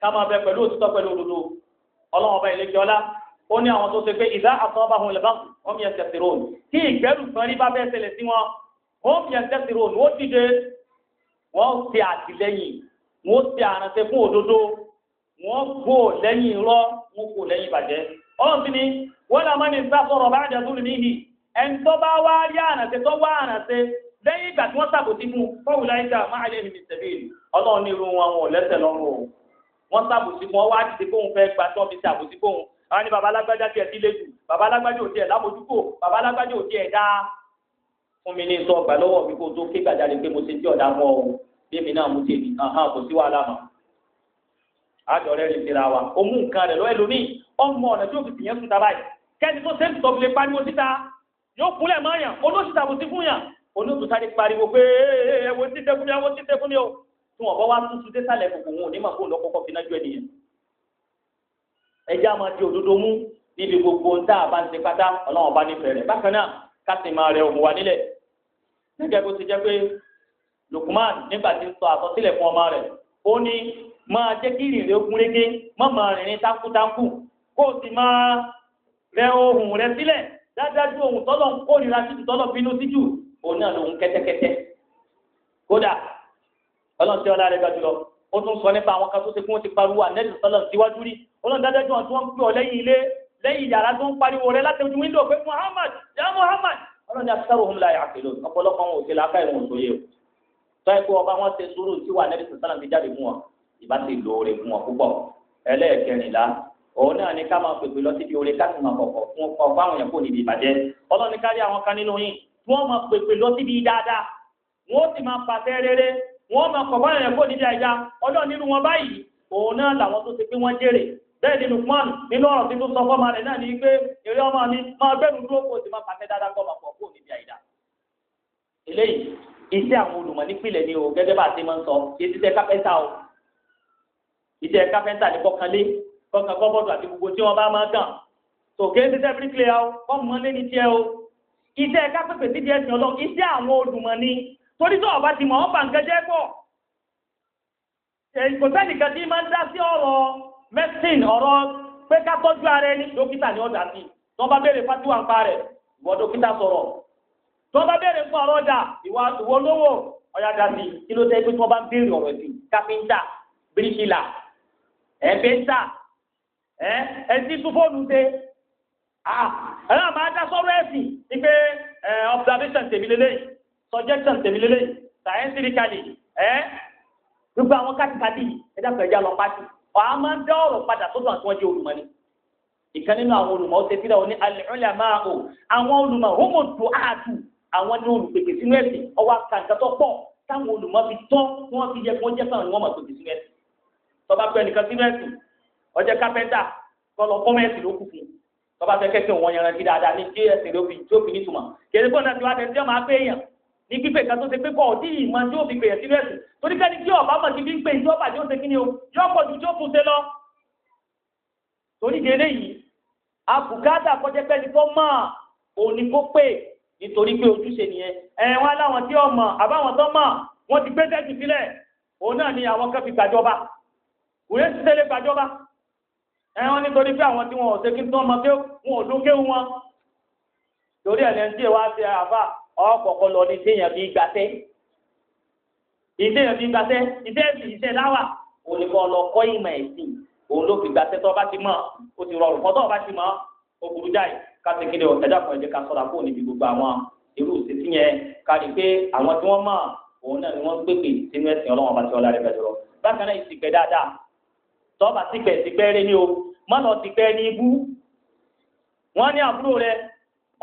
ká máa bẹ pẹ̀lú òtítọ́ pẹ̀lú òdodo ọlọ́run ọba ìlẹ̀kẹ́ ọlá ó ní àwọn tó ṣe pé ìdá ohun ìlẹ̀bá wọn fi kan wọ́lá mọ́ni sáfọ̀rọ̀ bá jẹ́ tó níhì ẹni tó bá wá rí ànàṣe tó wá ànàṣe lẹ́yìn ìgbà tí wọ́n sàbòtí fún fọ́wù láìka máa lè rìn ìtẹ̀bí ọlọ́run ní irú wọn wọn ò lẹ́sẹ̀ lọ́rùn o wọ́n sàbòtí fún wọn wá ti kóhun fẹ́ gba tó fi sàbòtí fóhun àwọn ni baba alágbájá tiẹ̀ ti lé jù baba alágbájá ò tiẹ̀ lámojúkò baba alágbájá ò tiẹ̀ dá fún mi ní sọ ọgbà lọ́wọ́ mi kó tó ké gbàjáde pé mo ṣe tí ọ̀dà mọ́ o bí èmi náà mú tèmi hàn kò sí wàhálà mọ́ àjọ rẹ̀ rìn síra wa ó rẹ̀ lọ́ ẹlòmíì ọmọ ọ̀nà tí ó kẹ́ni tó ṣe ń tọ́ lè pariwo síta yóò kúnlẹ̀ mọ́ yàn olóṣìṣà kò sí fún yàn olóṣù sáré pariwo pé ẹwọ tí tẹkùn ní ẹwọ tí tẹkùn ní o tí wọn bá wá tún sùn désàlẹ̀ kòkò wọn ò ní máa kó lọ kọ́kọ́ fi náà jọ ènìyàn ẹjẹ́ a máa di òdodo mú níbi gbogbo ń tá a bá ń ṣe pátá ọlọ́run bá nífẹ̀ẹ́ rẹ̀ bákan náà káṣí máa rẹ òun wà nílẹ̀ gẹ́gẹ́ bó ti jẹ́ pé Lukman nígbà tí ń sọ àsọsílẹ̀ fún ọmọ rẹ̀ ó ní máa jẹ́ kí ìrìnrìn ogun régé má máa rìnrìn tákútákù kó o sì máa rẹ ohùn rẹ sílẹ̀ dájájú ohùn tọ́lọ̀ ń kórìíra títí tọ́lọ̀ bínú síjú òun náà lòun kẹ́tẹ́kẹ́tẹ́ kódà ọlọ́run tí ọlá rẹ̀ gbàdúrà ó tún sọ nípa àwọn kan tó ti kún ó ti pariwo ànẹ́tì sọlọ síwájú rí ọlọ́run dájájú àwọn tí wọ́n ń pè ọ́ lẹ́yìn ilé lẹ́yìn yàrá tó ń pariwo rẹ láti ojú wíńdò pé Muhammad ya Muhammad ọlọ́run ní akitaro ohun láyà àkèlò ọ̀pọ̀lọpọ̀ wọn ò ṣe làákà ìwọ̀n òṣòye o tọ́ ẹ̀kọ́ ọba wọn ṣe sùúrù tí wà ànẹ́tì sọlọ ti jáde fún wọn ìbá ti lóore fún wọn púpọ̀ ẹlẹ́ẹ̀kẹrìnlá òun náà ni ká máa pèpè lọ síbi oore ká sì máa kọ̀kọ̀ fún ọkọ̀ fáwọn èèyàn kò níbi ìbàjẹ́ ọlọ́ni kárí àwọn kan nínú yín tí wọ́n máa pèpè lọ síbi dáadáa wọ́n sì máa pàṣẹ rere wọ́n máa kọ̀ fáwọn èèyàn kò níbi àìjá ọlọ́ni irú wọn báyìí òun náà làwọn tó ti pé wọ́n jèrè bẹ́ẹ̀ ni Lukman nínú ọ̀rọ̀ tí tó sọ fọ́mọ rẹ̀ náà ni pé eré ọmọ mi máa gbẹ́rù dúró kó o sì máa pàṣẹ dáadáa kọ́ máa pọ̀ kó níbi àìjá eléyìí iṣẹ́ àwọn olùmọ̀ nípìnlẹ̀ ni o gẹ́gẹ́ bá a ti máa ń sọ iṣẹ́ kápẹ́ntà o iṣẹ́ kápẹ́ntà ní kọ́kànlé kọkàn kọ́bọ̀dù àti gbogbo tí wọ́n bá máa kàn tòkè ń ṣiṣẹ́ bíríkìlẹ̀ o kọ́mù mọ́lé ní tiẹ̀ o iṣẹ́ kápẹ́pẹ́ sí díẹ̀ sìn ọlọ́run iṣẹ́ àwọn olùmọ̀ ni torí tó ọba ti mọ̀ ọ́ bàǹkẹ́ jẹ́ pọ̀ kò sẹ́nìkan tí máa ń dá sí ọ̀rọ̀ mẹ́sìn ọ̀rọ̀ pé ká tọ́jú ara ẹni dókítà ni ọ̀dà sí tó bá béèrè fatiwa ń pa rẹ̀ ìwọ dókítà sọ̀rọ̀ tó bá béèrè fún ọ̀rọ̀ ọjà ìwọ lówó ọ̀yà dà sí kí ló dé pé tí wọ́n bá ń béèrè ọ̀rọ̀ ẹ̀sìn káfíńtà bíríkìlà ẹ̀ẹ́fẹ́ńtà ẹ ẹ ti tún fóònù ṣe ẹ náà máa dá sọ́rọ̀ ẹ̀sìn ní pé observation tèmi lélẹ̀ suggestion tèmi lélẹ̀ scientifically ẹ gbogbo àwọn kátìkátì ẹ dákun ẹja lọ pàtì wàá máa ń dá ọ̀rọ̀ padà sọ́dọ̀ àti wọ́n jẹ́ olùmọ̀ ni ìkan nínú àwọn olùmọ̀ ó ṣe fídà ó ní al-ulama'u àwọn olùmọ̀ homo du'atu àwọn ní olùpèpè sínú ẹ̀sìn ọwọ́ àkàǹkà tó pọ̀ táwọn olùmọ̀ fi tọ́ wọ́n fi yẹ kó jẹ́ fáwọn ni wọ́n mọ̀ pèpè sínú ẹ̀sìn tọ́ba pẹ́ nìkan sínú ẹ̀sìn ọjẹ́ kápẹ́ńtà kọlọ kọ́mẹ́ǹsì ló kù fún tọ́ba fẹ́ kẹ́kẹ́ wọn yẹn rántí dáadáa ní js ló fi tí ó fi nítumọ̀ kẹ́sì pọ̀ náà ti wá tẹ̀síọ́ máa pé èèyàn ní pípẹ́ kan tó ṣe pé kọ́ ọ̀dí ìmọ̀ tí ó fi pè é sínú ẹ̀sìn torí kẹ́ni tí ọ̀bá mọ̀ ti fi ń pè tí ó bàjẹ́ ó ṣe kí ni o yọ pọ̀ ju tí ó fún ṣe lọ. torí di eléyìí abùkátà kọjá pẹ́ni tó mọ̀ òní kó pè nítorí pé ojúṣe nìyẹn ẹ̀wọ̀n wọ́n ni àwọn kan fi gbàjọba ẹ̀wọ̀n nítorí pé àwọn tí wọn ò ṣe kí wọ́n mọ pé wọn ò dún kéwù wọn torí ẹ̀lẹ́ tí wàá ṣe àfà ọ̀pọ̀pọ̀ lọ ní ìṣèyàn bíi gbàtẹ́ ìṣèyàn bíi gbàtẹ́ iṣẹ́ ẹ̀sìn iṣẹ́ láwà olùkọ́ lọ kọ́ ìmọ̀ ẹ̀sìn òun ló fi gbàtẹ́ tó bá ti mọ̀ ó ti rọrùn kọ́ tó bá ti mọ̀ ó burú jáì káṣí kí ni ọ̀ ẹ̀dá kan ẹ̀jẹ̀ ká sọ̀rọ̀ kó níbi gbogbo àwọn irú ìṣesí yẹn kárí pé àwọn tí wọ́n mọ̀ òun náà ni wọ́n gbègbè sínú ẹ̀sìn ọlọ́wọ́n bá ti ọlá rẹ̀ bẹ̀rẹ̀ lọ bákan náà ìsìnkẹ́ dáadáa tọ́ba tipẹ́ tipẹ́ rẹ ni o mọ́nà tipẹ́ ní ibú wọ́n ní àbúrò rẹ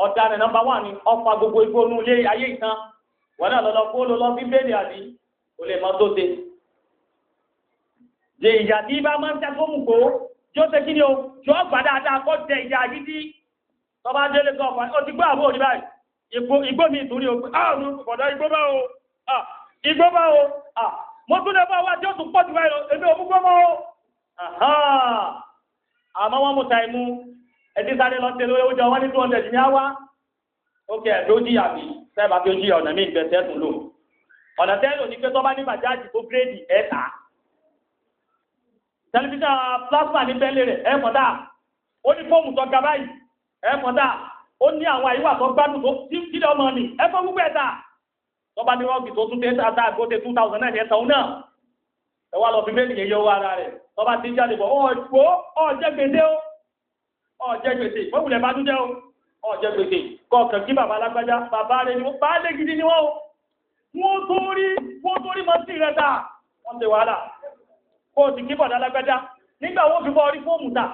ọ̀daràn nọ́mbà wà ní ọ̀pá gbogbo igbó nu ilé ayé ìtàn wọn náà lọ́lọ́ kó ló bí bẹ́ẹ̀lì àbí kò lè mọ tó ṣe. jẹ ìyá tí bá máa ń tẹ fóònù kó tí ṣe kí ni o tí ó dáadáa kó jẹ ìyá yìí tí tọ́ba délé kan ọ̀pá ó ti gbọ́ àbúrò ní báyìí igbó mi ìtúrí o pé ah, áàrùn igbó bá o ah, igbó bá o ah, mo tún lè bá wa tí pọ̀ jù báyìí lọ èmi ò mú gbọ́ o àmọ́ wọ́n mú taimu ẹtí sáré lọ sí olówó jọ wọ́n ní two hundred ní àwa ókè ló jìyà bí sẹ́ẹ̀bà tó jìyà ọ̀nà míì bẹ̀ sẹ́ẹ̀tún lò ọ̀nà tẹ́lò ní pé tọ́ba ní bàjáàjì tó gírèdì ẹ̀ta tẹlifíṣàn plasma ní bẹ́ẹ̀lì rẹ̀ ẹ̀ mọ̀dá ó ní fóòmù tó ga báyìí ẹ̀ mọ̀dá ó ní àwọn àyíwá tó gbádùn tó sílẹ̀ ọmọ mi ẹ̀ fọ́ gbogbo ẹ̀ta tọ́ba ní rọ́ọ̀gì tó tún tẹ́ ẹ wá lọ fi bẹ́ẹ̀ nìyẹn yọ ara rẹ̀ tọ́ba ti jáde bọ̀ ọ̀jọ́ ọ̀jẹ́ gbèsè o ọ̀jẹ́ bá tún jẹ́ o ọ̀jẹ́ kí bàbá alágbájá bàbá rẹ̀ ni wọ́n bá lé gidi ni wọ́n o wọ́n tó rí wọ́n tó rí mọ́tì rẹ̀ ta wọ́n ti wàhálà kó o sì kí bọ̀dá alágbájá nígbà wo fi bọ́ orí fóòmù ta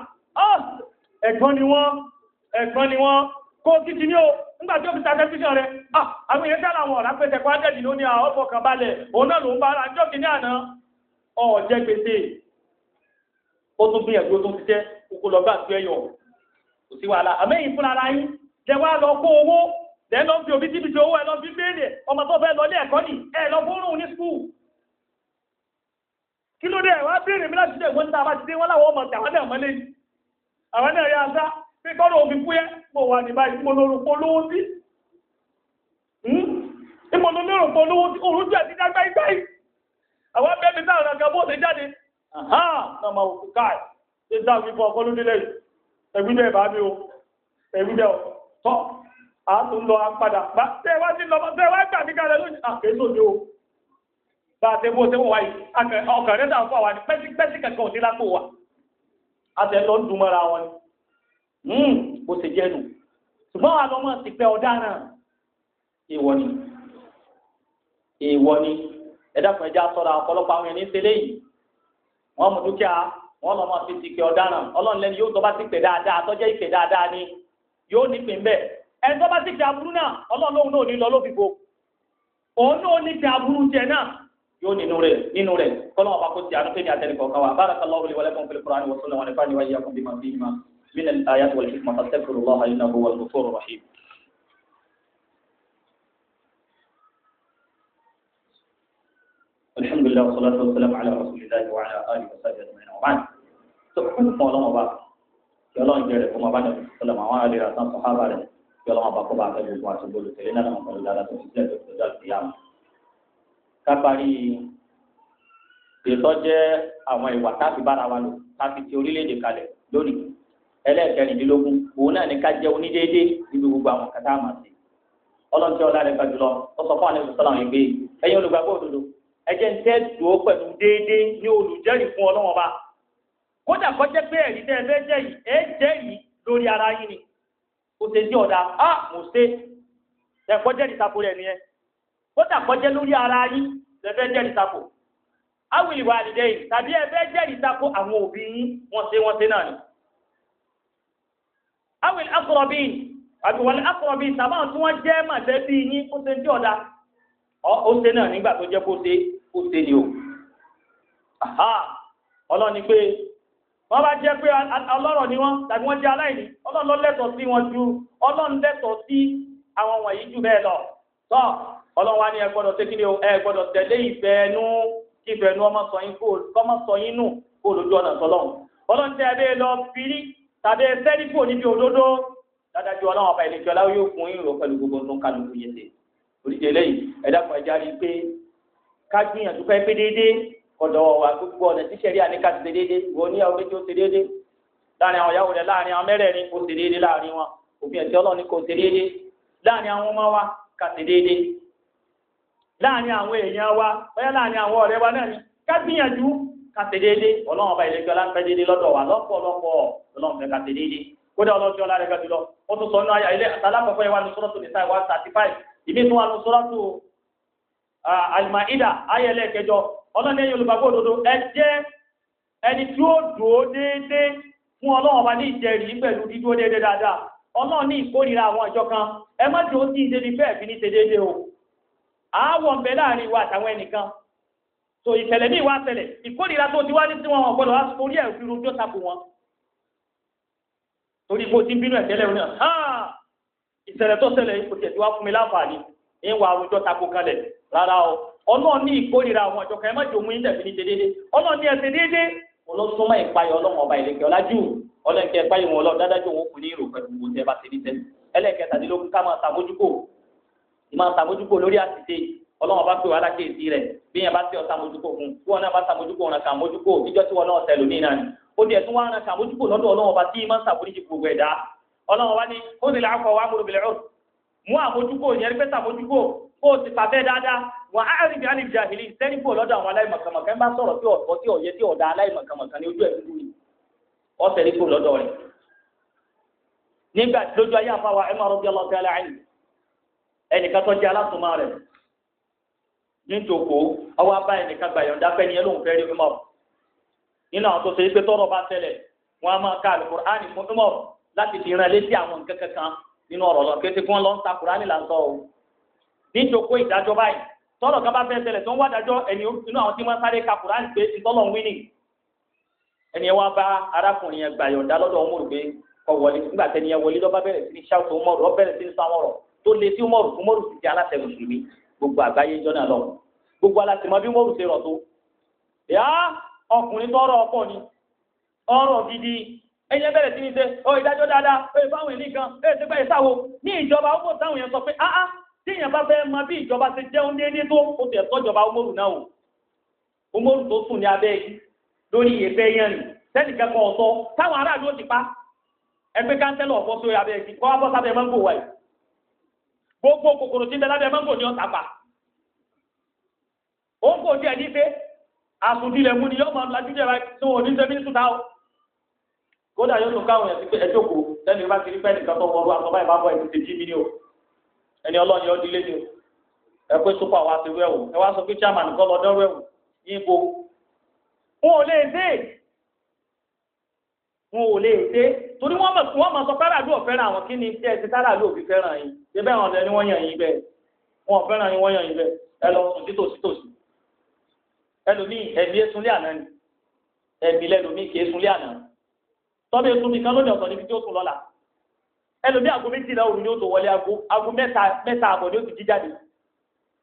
ẹ̀gbọ́n ni wọ́n ẹ̀gbọ́n ni wọ́n kó o kìtì ní o nígbà tí o fi ta tẹ́síṣàn rẹ̀ ah, àwọn èèyàn dára wọn ọ̀rá pẹ̀tẹ̀kọ́ adẹ́dì lónìí àwọn ọkọ̀ kan balẹ̀ òun náà ló ń bá ara jọ́kì ní àná ọ̀ọ́jẹ́ gbèsè ó tún gbìyànjú ó tún ti jẹ́ kókó lọ́gbà tí ẹ yọ kò sí wàhálà àmẹ́yìn fúnra ara yín jẹ wá lọ kó owó lẹ́ lọ fi òbí tíbi tí owó fi ọmọ tó fẹ́ lọ ẹ̀kọ́ nì ẹ lọ ní mi láti wọn ọmọ náà mọ́lé àwọn náà sá pé kọ́rọ̀ òfin fúyẹ́ àwọn abẹ́mi náà ra nǹkan bóòsì jáde náà máa wò káì ṣe dá wípé ọkọ ló délé yìí ẹgbẹ́ bá mi o ẹgbẹ́ tọ́ a tún lọ apadà bá tẹ́ wá sí lọ́mọ tẹ́ wá gbà mí kalẹ̀ lónìí àkẹ́sọ̀ ni o bá a tẹ́ bó tẹ́ wọ́n wáyé ọkàn rẹ̀ dà fún àwa ni pẹ́sípẹ́sí hmm, ṣe jẹ́ nù ṣùgbọ́n àlọ́mọ ti pẹ́ ọ̀daràn èèwọ̀ ni èèwọ̀ ni ẹ̀dá kan ẹja sọ̀rọ̀ ọ̀pọ̀lọpọ̀ àwọn ẹni ṣẹlẹ̀ yìí wọ́n mú dúkìá wọ́n lọ mọ̀ sí ti kẹ́ ọ̀daràn ọlọ́run lẹ́ni yóò tọ́ba sí pè dáadáa tọ́jẹ́ ìpè dáadáa ni yóò ní pè ń bẹ̀ ẹni tọ́ba sí pè aburú náà ọlọ́run lóhun náà ní lọ lófìfo òun náà ní pè aburú jẹ náà yóò nínú rẹ̀ nínú rẹ̀ kọ́lọ́wọ́n bá kó ti àánú fẹ́mi àtẹnìkọ̀ kan wa barakallahu li wa lakum fil Qur'ani wa sunnah wa nafa'ani wa iyyakum bima fihima min al-ayati wal hikmati fastaghfirullaha innahu huwal ghafurur rahim. alhamdulillah wa salatu wa salam ala rasulillah wa ala alihi wa sahbihi ajma'in wa ba'd so fún fún ọlọ́wọ́n bá kí ọlọ́run jẹ́ rẹ̀ kó máa bá dàbí sọlọ́mù àwọn àlè rà sàn sọ́hábà rẹ̀ kí ọlọ́run bá kó bá fẹ́ gbogbo àti gbogbo tẹ̀lé náà mọ̀ pẹ̀lú dáadáa tó ti sílẹ̀ tó ti dọ́jà sí yàrá. ká parí ètò jẹ́ àwọn ìwà táàfi bára wa lò táàfi ti orílẹ̀-èdè kalẹ̀ lónìí ẹlẹ́ẹ̀kẹrìndínlógún òun náà ní ká jẹ́ onídéédé níbi gbogbo àwọn kàtà àmàṣe ọlọ́run tí ọlá rẹ̀ gbàdúrà ó sọ fún àlejò sọ́lá ẹjẹ́ ń tẹ́ dùn ó pẹ̀lú déédéé ní olùjẹ́rìí fún ọlọ́wọ́n ọba kódà kọjá pé ẹ̀rí tẹ́ ẹ fẹ́ jẹ́ yìí ẹ jẹ́ yìí lórí ara yín ni kò ṣe sí ọ̀dà á mò ṣe ẹ kọjá ìtakò rẹ̀ nìyẹn kódà kọjá lórí ara yín ẹ fẹ́ jẹ́ ìtakò awìlì wà nìjẹ́ yìí tàbí ẹ fẹ́ jẹ́ ìtakò àwọn òbí yín wọ́n ṣe wọ́n ṣe náà ni awìlì akọrọ̀bí àbí wàlẹ̀ akọrọ̀bí tàbí àwọn tí wọ́n jẹ́ màlẹ́bí yín kó ṣe sí ọ̀dà ó ṣe náà nígbà tó jẹ́ kó ṣe kó ṣe ni o ọlọ́ni pé wọ́n bá jẹ́ pé ọlọ́rọ̀ ni wọ́n tàbí wọ́n jẹ́ aláìní ọlọ́run ló lẹ́tọ̀ọ́ sí wọn ju ọlọ́run lẹ́tọ̀ọ́ sí àwọn wọ̀nyí jù bẹ́ẹ̀ lọ tọ́ ọlọ́run wa ni ẹ gbọ́dọ̀ tẹ́kí ni o ẹ gbọ́dọ̀ tẹ̀lé ìfẹ́ ẹnu kí ìfẹ́ ẹnu ọmọ sọ yín kó ọmọ sọ yín nù kó lójú ọ̀nà sọlọ́run ọlọ́run tẹ́ ẹbẹ́ lọ fili tàbí ẹsẹ́ nípò níbi oríṣi eléyìí ẹ̀dá kan ẹja rí i pé ká gbìyànjú ká pé déédéé ọ̀dọ̀ wa gbogbo ọ̀nà tí sẹ̀rí àníkà ti ṣe déédéé ìwọ oníyàwó méjì ó ṣe déédéé láàrin àwọn ìyàwó rẹ láàrin àwọn mẹ́rẹ̀ẹ̀rin ó ṣe déédéé láàrin wọn òfin ẹ̀sìn ọlọ́run ni kò ṣe déédéé láàrin àwọn ọmọ wa ká ṣe déédéé láàrin àwọn èèyàn wa bóyá láàrin àwọn ọ̀rẹ́ wa náà ni ká gbìyànjú ká ṣe déédéé ọlọ́run ọba ìlẹ́jọ́ láńpẹ́ déédéé lọ́dọ̀ wa lọ́pọ̀lọpọ̀ ọlọ́run fẹ́ ká ṣe déédéé kódà ọlọ́run tí ọlá rẹ̀ gbàdúrà ó tún sọ nínú ayé àtàlápẹ̀fẹ́ wa ní sọ́dọ̀tún ní sáì one thirty five ìmí tún wà ní sọ́rọ́tù Al-Maida ayẹlẹ́ kẹjọ ọlọ́ni ẹ̀yìn olùgbàgbọ́ òdodo ẹ jẹ́ ẹni tí ó dúró déédéé fún ọlọ́run ọba ní ìjẹrìí pẹ̀lú dídúró déédéé dáadáa ọlọ́run ní ìkórìíra àwọn ìjọ kan ẹ má dúró sí ìdébi bẹ́ẹ̀ fi ní ṣe déédéé o àáwọ̀ ń bẹ láàrin ìwà àtàwọn ẹnìkan so ìṣẹ̀lẹ̀ ní ìwà àṣẹlẹ̀ ìkórìíra tó ti wá ní sí wọn ọ̀gbọ́dọ̀ wá torí ẹ̀ fi rojọ́ tapò wọn torí bó ti ń bínú ẹ̀tẹ́lẹ̀ òun náà ìṣẹ̀lẹ̀ tó ṣẹlẹ̀ yìí kò wa wá fún mi láǹfààní ìwà àwùjọ tako kalẹ̀ rárá o ọlọ́run ní ìkórìíra àwọn ọjọ́ kan ẹ má jò mú yín tẹ̀sí ní ṣe déédéé ọlọ́run ní ẹsẹ̀ déédéé olóṣùmọ̀ ìpayọ̀ ọlọ́run ọba ìlẹ̀kẹ̀ ọlájú ọlọ́nkẹ́ ìpayọ̀ wọn ọlọ́run dáadájú òun kò ní ìrò pẹ̀lú gbogbo bá ti ọlọ́run wá ní ó sì làákọ̀ wá múlò bìlẹ̀ ọ̀rọ̀ mú àmójúkò yẹn pé kó o ti fàbẹ́ dáadáa wà á rí bí alìjà ìlì sẹ́ni kúrò lọ́dọ̀ àwọn aláìmọ̀kànmọ̀kàn ń bá sọ̀rọ̀ tí ọ̀tọ̀ tí ọ̀yẹ́ tí ya aláìmọ̀kànmọ̀kàn ní ojú ẹ̀ dúdú ni ọ̀sẹ̀ ní kúrò lọ́dọ̀ rẹ̀ nígbà lójú ayé àfáwà ẹ̀ máa rọ́bí ọlọ́ọ̀tẹ́ aláìní ẹnìkan tó jẹ́ alásùnmọ́ rẹ̀ nítòkó ọwọ́ abá ẹnìkan gbà yọ̀ǹda ni ẹ fẹ́ rí nínú àwọn tó pé tọ́rọ̀ láti fi rán létí àwọn nǹkan kankan nínú ọ̀rọ̀ lọ́n kété kí wọ́n lọ ń ta kùránì là ń sọ o níjòkó ìdájọ́ báyìí tọ́lọ̀ kan bá fẹ́ ṣẹlẹ̀ tó ń wá dájọ́ ẹni inú àwọn tí wọ́n sáré ka kùránì pé ìtọ́lọ̀ ń wí nì ẹni wá bá arákùnrin yẹn gbà yọ̀ǹda lọ́dọ̀ Umaru pé kọ wọlé nígbà tẹni yẹn wọlé lọ́ba bẹ̀rẹ̀ sí ní Umaru ọ bẹ̀rẹ̀ sí ní sáwọ́rọ̀ tó lé sí Umaru Umaru sì Umaru ṣe rọ̀ tó yá ọkùnrin tó rọ̀ ẹ̀yin bẹ̀rẹ̀ sí ní ṣe ọ ìdájọ́ dáadáa ẹ fáwọn èlì kan ẹ ṣe bẹ́ẹ̀ sáwo ní ìjọba ó mọ̀ táwọn èèyàn sọ pé áá tí èèyàn bá fẹ́ mọ bí ìjọba ṣe jẹun déédé tó ó ti ẹ̀tọ́ ìjọba Umaru náà o Umaru tó sùn ní abẹ́ lórí ìyẹ̀fẹ́ yẹn rìn sẹ́ni kẹ́kọ̀ọ́ ọ̀sọ́ táwọn aráàlú ó ti pa ẹgbẹ́ káńtẹ́lọ̀ ọ̀fọ́ sórí abẹ́ ẹ̀kí kọ́ abọ́ sábẹ́ mọ́ngò wáyé gbogbo kòkòrò tí ń bẹ lábẹ́ mọ́ngò ni ọ̀tà pa ó ń kò tí ẹ̀ ní pé àsùndílẹ̀ mú ni yọ́ mọ́ lajú jẹ́ wa tí wọn ní ṣe mí sùn kódà yóò tún káwọn yẹn ti pé ẹjọ́ kù lẹ́nu ìbá ti rí pẹ́ẹ́nì kan tó wọlú àtọ́bá ìbá bọ̀ ètùtù jí mi ni o ẹni ọlọ́ọ̀ni ọdún ilé ni o ẹ pé súpà wa ti wẹ̀wò ẹ wá sọ pé chairman kọ́ lọ́dọ́ o yíbo wọn ò lè dé wọn ò lè dé torí wọn mọ̀ wọn mọ̀ sọ káràdú ọ̀fẹ́ràn àwọn kí ni tẹ́ ẹ ti káràdú òfin fẹ́ràn yín ṣé bẹ́ẹ̀ wọn lẹni wọ́n yàn yín bẹ́ẹ̀ wọn fẹ́ràn yín wọ́n yàn yín bẹ́ẹ̀ ẹ lọ sùn títòsí tòsí ẹlòmíì tọ́bí ètò mi kan lónìí ọ̀sán níbi tí ó sùn lọ́la ẹlòmí aago méjìlá òru ni ó tó wọlé aago aago mẹ́ta mẹ́ta àbọ̀ ni ó ti jí jáde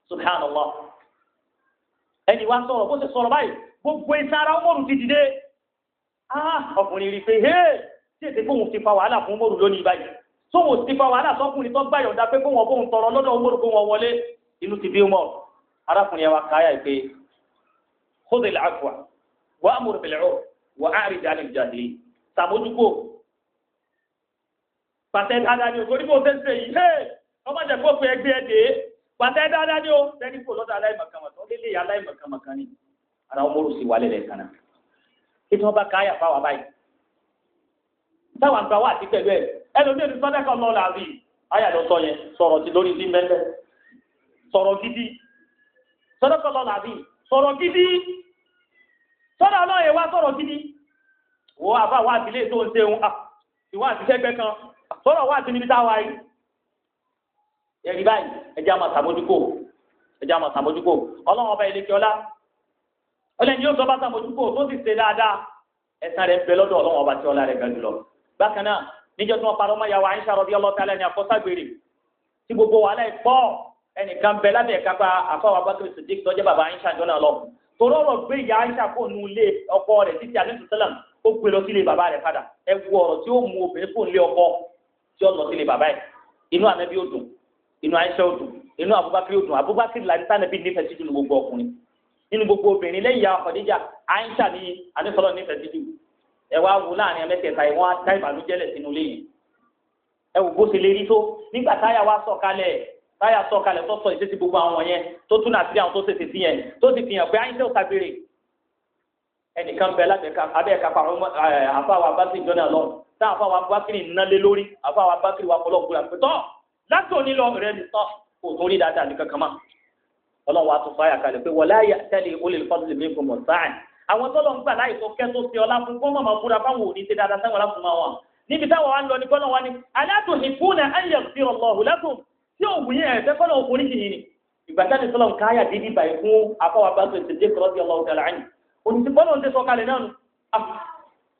subhanallah ẹni wá sọ̀rọ̀ bó ṣe sọ̀rọ̀ báyìí gbogbo iṣẹ́ ara ọmọrù ti dìde ah, ọkùnrin rí pé hé tí èsì fóun ti fa wàhálà fún ọmọrù lónìí báyìí tóun ti fa wàhálà sọkùnrin tó gbà pé kóun ọbọ̀n tọrọ lọ́dọ̀ ọmọrù kó wọn wọlé inú ti bí wọn arákùnrin wa káyà pé khudh sàmójúkò pàṣẹ dáadáa ni o torí kò ṣe ń ṣe yìí hey ọmọ jẹ kó pe ẹgbẹ ẹdẹ pàṣẹ dáadáa ni o sẹni kò lọ́dọ̀ aláìmọ̀kànmọ̀kàn ó lélẹ̀ aláìmọ̀kànmọ̀kàn ni ara ọmọ òrùsì wà lẹ́lẹ̀ kan náà kí tí wọ́n bá káyà fáwọn abáyé táwọn àgbà wà àti pẹ̀lú ẹ ẹlòmíì ní sọ́dẹ̀ kan lọ́ọ́ làbí ayà ló sọ yẹn sọ̀rọ̀ ti lórí ti mẹ́lẹ̀ sọ̀rọ̀ gidi sọ́dẹ̀ kan lọ́ọ́ làbí sọ̀rọ̀ gidi sọ́dẹ̀ ọlọ́yẹ̀ wá sọ̀rọ̀ gidi wò ó àbá wá àtìlé tó ń ṣeun ah, ìwọ àti sẹ́gbẹ́ kan sọ̀rọ̀ wá àti níbi tá a wá yìí ẹ̀rí báyìí ẹja máa sàmójúkò ẹja máa sàmójúkò ọlọ́run ọba ìlẹ́kẹ́ ọlá ọlẹ́ni yóò sọ bá sàmójúkò tó sì ṣe dáadáa ẹ̀san rẹ̀ ń bẹ lọ́dọ̀ ọlọ́run ọba tí ọlá rẹ̀ ga jùlọ bákan náà níjọ́ tí wọ́n parọ́ mọ́ ìyàwó àyíṣà rọ̀bí ọlọ́ta lẹ́ni àkọ́sàgbèrè tí gbogbo wàhálà ẹ̀ pọ̀ ẹnìkan bẹ lábẹ́ ìkápá àfọwọ́ abákẹ́ sèdíkì tọ́jú bàbá àyíṣà jọ́nà ọlọ́run torọ́ ọ̀rọ̀ gbé ìyá aisha kò nu ilé ọkọ rẹ̀ títí anẹ́sùn sẹ́lẹ̀m ó gbé lọ sílé bàbá rẹ̀ padà ẹ wo ọ̀rọ̀ tí ó mú obìnrin kò nílé ọkọ tí ó lọ sílé bàbá ẹ̀ inú anabi ó dùn inú aisha ó dùn inú abubakar ó dùn abubakar láti sànàbí nífẹ̀ẹ́ sí nínú gbogbo ọkùnrin nínú gbogbo obìnrin lẹ́yìn àkọ́díjà aisha ni anẹ́sọ̀lọ́ nífẹ̀ẹ́ sí ẹ wá wo láàrin ẹmẹ́tẹ̀ẹ̀ta ìwọ̀n dá ìbànújẹ́ lẹ̀ sínú ilé yìí ẹ wò táyà sọ̀kalẹ̀ tó sọ ìṣesí gbogbo àwọn yẹn tó tún àti àwọn tó ṣèṣe sí yẹn tó sì fi hàn pé àyíṣẹ́ òta béèrè ẹnìkan bẹ abẹ́ẹ̀ka pàrọ̀ àfàwà bákìrì jọ́nà lọ tá àfàwà bákìrì nálé lórí àfàwà bákìrì wà fọlọ́ gbúra pé tọ́ láti òní lọ rẹ ní tọ́ kò tún rí dáadáa nìkan kan mọ́ ọlọ́run wa tún fàyà kalẹ̀ pé wọlé àyà tẹ́lẹ̀ olè fọ́sílẹ̀ mi fún mọ̀ sáà àwọn tọ́lọ̀ ń gbà láì tó kẹ́ tó ṣe ọlá fún gbọ́mọ̀ máa búra fáwọn òní ṣe dáadáa sáwọn ọlá fún wọn níbi táwọn wa ń lọ ní gbọ́dọ̀ wa ni aláàtò ìfúnà ayé ọ̀sìn ọlọ́hùn lẹ́kùn tí ò wù yẹn ẹ̀fẹ́ fọ́nà òkú oríṣi yìí ni ìgbà táni sọ́lọ̀ ń káyà dídí báyìí fún afọ́wà bá tó ìṣèjì kọ́lọ́ sí ọlọ́run tẹ̀lé àyìn oníṣẹ́ fọ́nà òṣèṣọ kalẹ̀ náà nù ah,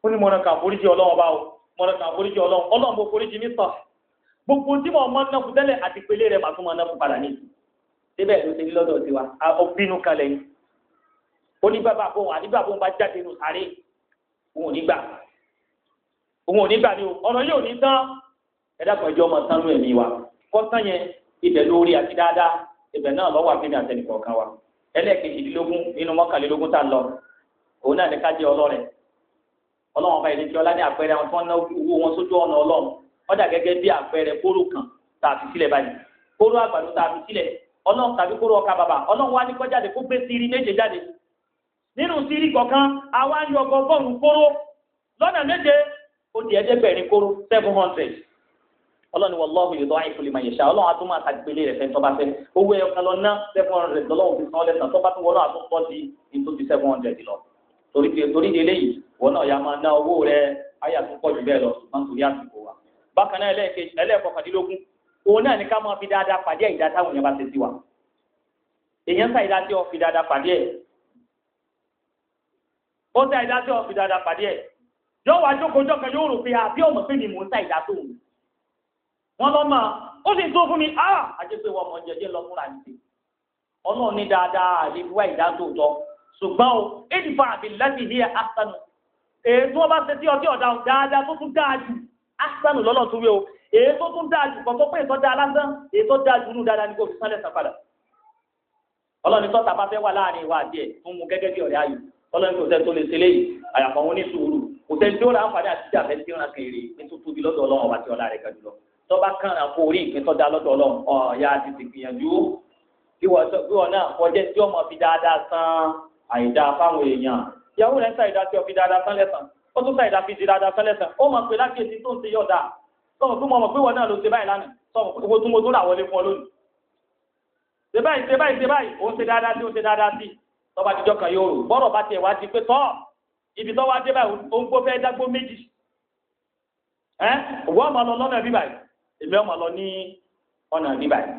ó ní mọ̀nà kan foríṣi ọlọ́run o mọ̀nà kan foríṣi ọlọ́run ọlọ́run bó foríṣi mi sọ gbogbo tí mo máa ń náfu tẹ́lẹ̀ àti pélé rẹ̀ màá tún máa náfu padà ní síbẹ̀ ló ṣe lọ́dọ̀ sí wa ọbínú kalẹ̀ ni ó ní bàbá àbọ̀ wọn òun ò ní ni o ọ̀rọ̀ yóò ní tán ẹ̀dá kan ọmọ sánú ẹ̀mí wa kọ́tán yẹn ibẹ̀ lórí àti dáadáa ibẹ̀ náà lọ́wọ́ àfihàn nínú mọ́kànlélógún tá a lọ òun náà ní ká jẹ́ ọlọ́rẹ̀ ọlọ́run ọba ìlẹ́jọ́ ọlá ní àpẹẹrẹ àwọn tí wọ́n ná owó wọn sójú ọ̀nà ọlọ́run wọ́n gẹ́gẹ́ àpẹẹrẹ kóró kan tá a fi sílẹ̀ báyìí kóró àgbàdo tá a fi sílẹ̀ ọlọ́run tàbí kóró ọlọ́ni wallahu yudha'ifu liman yasha ọlọ́run á tún máa ṣàgbélé rẹ̀ fẹ́ tọ́ba fẹ́ owó ẹ̀yọ kan lọ ná seven hundred lọ́lọ́run fi san ọ́ lẹ́sàn tọ́ba tún wọ́n náà tún pọ̀ sí ní tó fi seven hundred lọ torí torí délé yìí wọ́n náà yà máa ná owó rẹ̀ ayé àtúnkọ́ jù bẹ́ẹ̀ lọ ṣùgbọ́n torí àsìkò wa bákan náà ẹlẹ́ẹ̀kọkàndínlógún òun náà ní ká máa fi wọ́n lọ mọ̀ ó sì tó fún mi á ah! àjẹpẹ́ wọ́n mọ̀ jẹ́jẹ́ lọ fúnra mi sí ọlọ́run ní dáadáa àlebu wá ìdá tó ṣùgbọ́n o èdè fún àbí láti ilé asanu èyí tí wọ́n bá ṣe sí ọtí ọ̀dà dáadáa tó tún dáa jù asanu lọ́lọ́ tó wé o èyí tó tún dáa jù kọ́ tó pé ètò dáa lásán èyí tó dáa jù nù dáadáa ní kò fi sánlẹ̀ sàn padà ọlọ́run tó tàbá fẹ́ wà láàrin ìwà àti ẹ̀ fún mu gẹ́gẹ́ bí ọ̀rẹ́ ayò ọlọ́run kò sẹ́ni tó lè ṣe léyìí àyàfọ̀ wọn ní sùúrù kò sẹ́ni tó ra àǹfààní àti ìjà fẹ́ tí ó ra tọ́ba kàràn kó orí ìpín tọ́da lọ́dọ̀ ọlọ́run ọ̀ọ́yà ti ti gbìyànjú bí wọ́n náà kọjá tí ọmọ fi dáadáa san àìdá fáwọn èèyàn ìyàwó rẹ̀ ń sa ìdá tí ọ fi dáadáa san lẹ́sàn ó tún sa ìdá fi di dáadáa san lẹ́sàn ó mọ̀ pé lákèsí tó ń ṣe yọ̀dà sọ̀rọ̀ fún mọ̀ pé wọ́n náà ló ṣe báyìí lánàá sọ̀rọ̀ pé mo tún rà wọlé fún ọ lónìí ṣe báyìí ṣe báyìí ṣe báyìí ó ń ṣe dáadáa sí ó ń ṣe dáadáa sí tọ́ba àtijọ́ kan yóò rò bọ́rọ̀ bá tiẹ̀ wá di pé tọ́ ibi tọ́wọ́ adé báyìí ó ń èmi ọmọ lọ ní ọ̀nà níbà yìí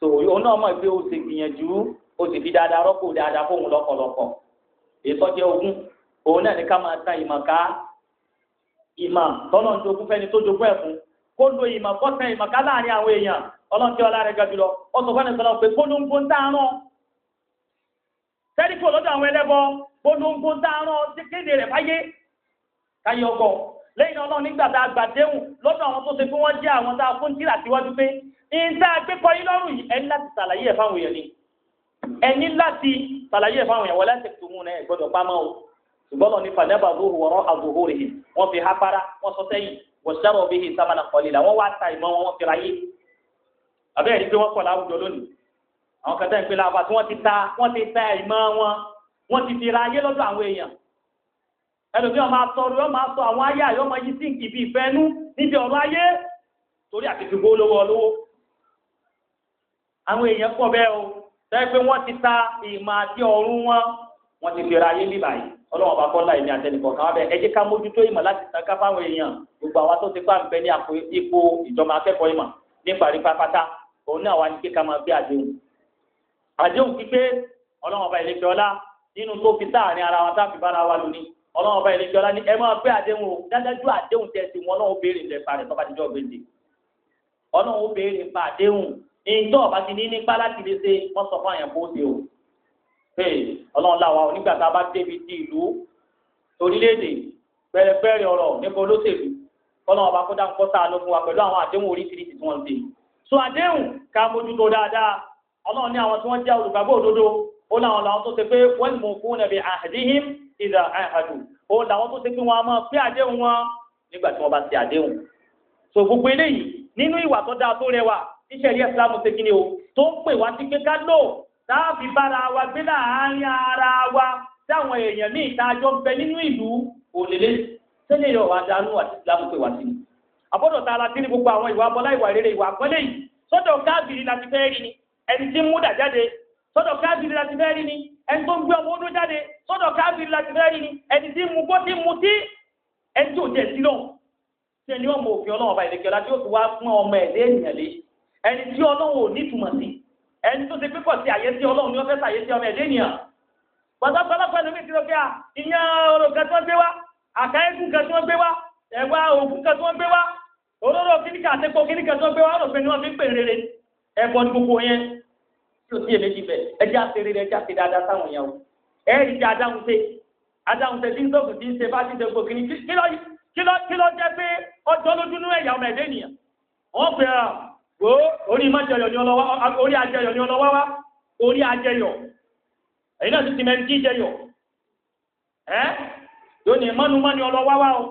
so òun náà mọ̀ pé o ti gbìyànjú o sì fi dáadáa rọ́pò dáadáa fóun lọ́kọ̀lọ́kọ̀ èso jẹ́ ogún òun náà ní ká máa ta ìmọ̀ ká ìmọ̀ tọ́lọ̀ ń jogún fẹ́ni tó jogún ẹ̀ fún kó lo ìmọ̀ kọ́sẹ̀ ìmọ̀ ká láàrin àwọn èèyàn ọlọ́ntí ọlá rẹ̀ gàdú lọ ó sọ fẹ́ni sọ̀rọ̀ pé polongo ń dáhùn tẹ́lifù lọ́dọ̀ àwọn ẹlẹ́bọ polongo ń dáhùn kéde rẹ̀ fáyé káyọ̀ ọgọ́ lẹ́yìn ọlọ́run nígbà tá a gbà déhùn lọ́dọ̀ àwọn tó ṣe pé wọ́n jẹ́ àwọn tá a fún tíra síwájú pé ìta àgbékọ yín lọ́rùn yìí ẹni láti ṣàlàyé ẹ̀ fáwọn èèyàn ni ẹni láti ṣàlàyé ẹ̀ fáwọn èèyàn wọlé ẹsẹ̀ tó mú un ẹ̀ gbọ́dọ̀ pamọ́ o ṣùgbọ́n lọ ní fanẹ́bà lóru wọ̀rọ̀ àgbòho rè wọ́n fi hápára wọ́n sọ sẹ́yìn wọ́n ṣàrọ̀ bí i sàmànà kọ́lé ta ìmọ̀ wọn wọ́n fi ráyé àbẹ́rẹ́ ni ẹlòmíì ọmọ asọ̀rọ̀ yọ máa sọ àwọn ayé àyọ máa yí sí ibi ìfẹ́nú níbi ọ̀rọ̀ ayé torí àti fi gbó lówó ọlówó àwọn èèyàn pọ̀ bẹ́ẹ̀ o sẹ́yìn pé wọ́n ti ta ìmọ̀ àti ọ̀run wọn wọ́n ti fi ra ayé bíbà yìí ọlọ́wọ́n bá kọ́ láì ní àtẹnìkọ̀ kan bẹ́ẹ̀ ẹ jẹ́ ká mójútó ìmọ̀ láti tàn ká fáwọn èèyàn gbogbo àwa tó ti pa nbẹ ní àpò ipò ìjọba akẹ́kọ̀ọ́ ìmọ̀ níparí pápátá òun náà wà ní pé máa gbé àdéhùn àdéhùn pípé ọlọ́wọ́n bá ilé fi ọlá nínú tó fi sáàrin ara wa táàfin bára wa lónìí ọlọ́run ọba ìlẹ́jọ́ lá ní ẹ máa bẹ́ àdéhùn o dájú àdéhùn tẹ̀ sí wọn ọlọ́run béèrè nípa rẹ̀ tọ́ba díjọ́ gbèdé ọlọ́run béèrè nípa àdéhùn ìjọ ọba ti ní nípa láti lè ṣe wọ́n sọ fún àyàn bó ṣe o ọlọ́run làwọn onígbà tá a bá débi ti ìlú orílẹ̀-èdè pẹ̀rẹ̀pẹ̀rẹ̀ ọ̀rọ̀ nípa olóṣèlú ọlọ́run ọba kó dá nǹkan sáà ló fún wa pẹ̀lú àwọn àdéhùn oríṣiríṣi tí wọ́n ń ṣe so àdéhùn ká mójútó dáadáa ọlọ́run ní àwọn tí wọ́n jẹ́ olùgbàgbọ́ òdodo ó láwọn làwọn tó ṣe pé wọ́n mú fún nàbí àdéhìn ìlà àhàdù ó làwọn tó ṣe pé wọn a máa pé àdéhùn wọn nígbà tí wọn bá ṣe àdéhùn so gbogbo eléyìí nínú ìwà tó dáa tó rẹwà iṣẹ́ ilé ìsìlámù ṣe kíni o tó ń pè wá sí pé ká lò láàbí bára wa gbé láàárín ara wa tí àwọn èèyàn ní ìta àjọ ń bẹ nínú ìlú òlélẹ́ sẹ́lẹ̀ yọ̀ wá dánú àti ìsìlámù pè wá sí ni àbọ̀dọ̀ ta la sí ní gbogbo àwọn ìwà abọ́lá ìwà rere ìwà àpọ́lẹ̀ yìí sọ́dọ̀ káàbìrì láti fẹ́ rí ni ẹni tí ń múdà jáde sọ́dọ̀ káàbìrì láti fẹ́ rí ni ẹni tó ń gbé ọmọ ọdún jáde sọ́dọ̀ káàbìrì láti fẹ́ rí ni ẹni tí mu gbó tí mu tí ẹni tí ò jẹ́ sí náà tí ẹni ọmọ òfin ọlọ́run ọba ìdẹ́kẹ́ ọlá tí ó ti wá fún ọmọ ẹ̀dẹ́ ènìyàn lé ẹni tí ọlọ́run ò ní túmọ̀ sí ẹni tó ti pípọ̀ sí àyẹ́sí ọlọ́run ni wọ́n fẹ́ sàyẹ́sí ọmọ ẹ̀dẹ́ ènìyàn pàtàkì ẹlòmíì ti lọ pé ìyẹn ọ̀rọ̀ kan tí wọ́n gbé wá àkáyékùn kan tí wọ́n gbé wá ẹ̀wà òkú kan tí wọ́n gbé wá òróró kíníkà àtẹ́kọ̀ọ́ kíníkà tí wọ́n gbé wá rò pé ni wọ́n fi ń pè rere ẹ̀bọ̀ gbogbo yẹn tí o sí èméjì bẹ ẹjẹ àtẹrẹ rẹ ẹjẹ àtẹrẹ dáadáa sáwọn yẹn o ẹ ẹ ìjà adáhùn ṣe adáhùn ṣe tí ń sọ̀kù tí ń ṣe bá ti ṣe gbòkìní kí ló jẹ́ pé ọjọ́ lójú nú ẹ̀yà ọmọ ẹ̀dẹ́ ènìyàn wọ́n pè á ah, wo orí májẹyọ ni ọlọ́wọ́ orí ajẹyọ ni ọlọ́wọ́ wá orí ajẹyọ èyí náà ti ti mẹ́rin jíjẹyọ ẹ lónìí mọ́numọ́ni ọlọ́wọ́ wá o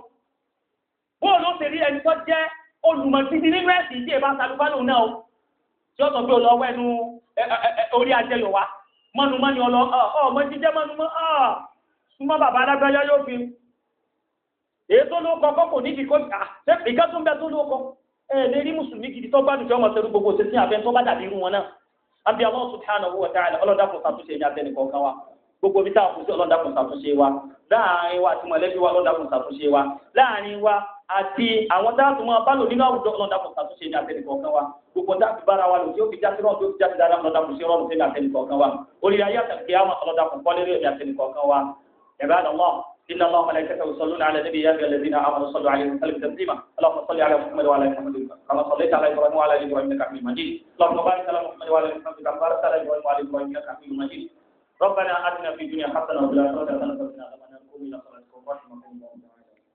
bóòlù ó ṣe rí ẹni tó jẹ́ olùmọ̀ títí nínú ẹ̀sìn tí èèbá salubálò náà o tí ó sọ pé ọlọ wẹnu orí ajẹyọ wa mọnumọ ni ọlọ ọmọ jíjẹ mọnumọ súnmọ́ bàbá alágbáyá yóò fi èyí tó ló kọ kọkò nídìí kó ìkẹ́ tó ń bẹ tó ló kọ ẹ̀ẹ́dẹ́ rí mùsùlùmí gidi tó gbádùn tí ọmọ sẹ́rú gbogbo ṣe sí àfẹ́ tó bá dàbí irú wọn náà àbí Allah subhanahu wa ta'ala ọlọ́dàkùn ṣàtúnṣe ní abẹ́ni kọ̀ọ̀kan wa gbogbo bí táà kù sí ọlọ́dàkùn ṣàtúnṣe wa láàrin wa àti mọ̀lẹ́bí wa ọlọ́dàkùn ṣàtúnṣe wa láàrin wa àti àwọn dáàtú máa bá lò nínú àwùjọ ọlọ́dà kò ṣàtúnṣe ní àtẹnìkọ̀ kan wa gbogbo dáàtú bára wa lò tí ó fi jáde rọrùn tí ó fi jáde dáadáa ọlọ́dà kò ṣe rọrùn sí ní àtẹnìkọ̀ kan wa orí ayé àtàkì àwọn ọlọ́dà kò kọ́ lérí ní àtẹnìkọ̀ kan wa ẹ̀bá àdàmọ́ إن الله ملائكته يصلون على النبي يا أيها الذين آمنوا صلوا عليه وسلموا تسليما اللهم صل على محمد وعلى آل محمد كما صليت على إبراهيم وعلى آل إبراهيم إنك حميد مجيد اللهم بارك على محمد وعلى آل محمد كما باركت على إبراهيم وعلى آل إبراهيم إنك حميد مجيد ربنا آتنا في الدنيا حسنة وفي الآخرة حسنة وقنا عذاب النار قوموا إلى صلاتكم رحمكم الله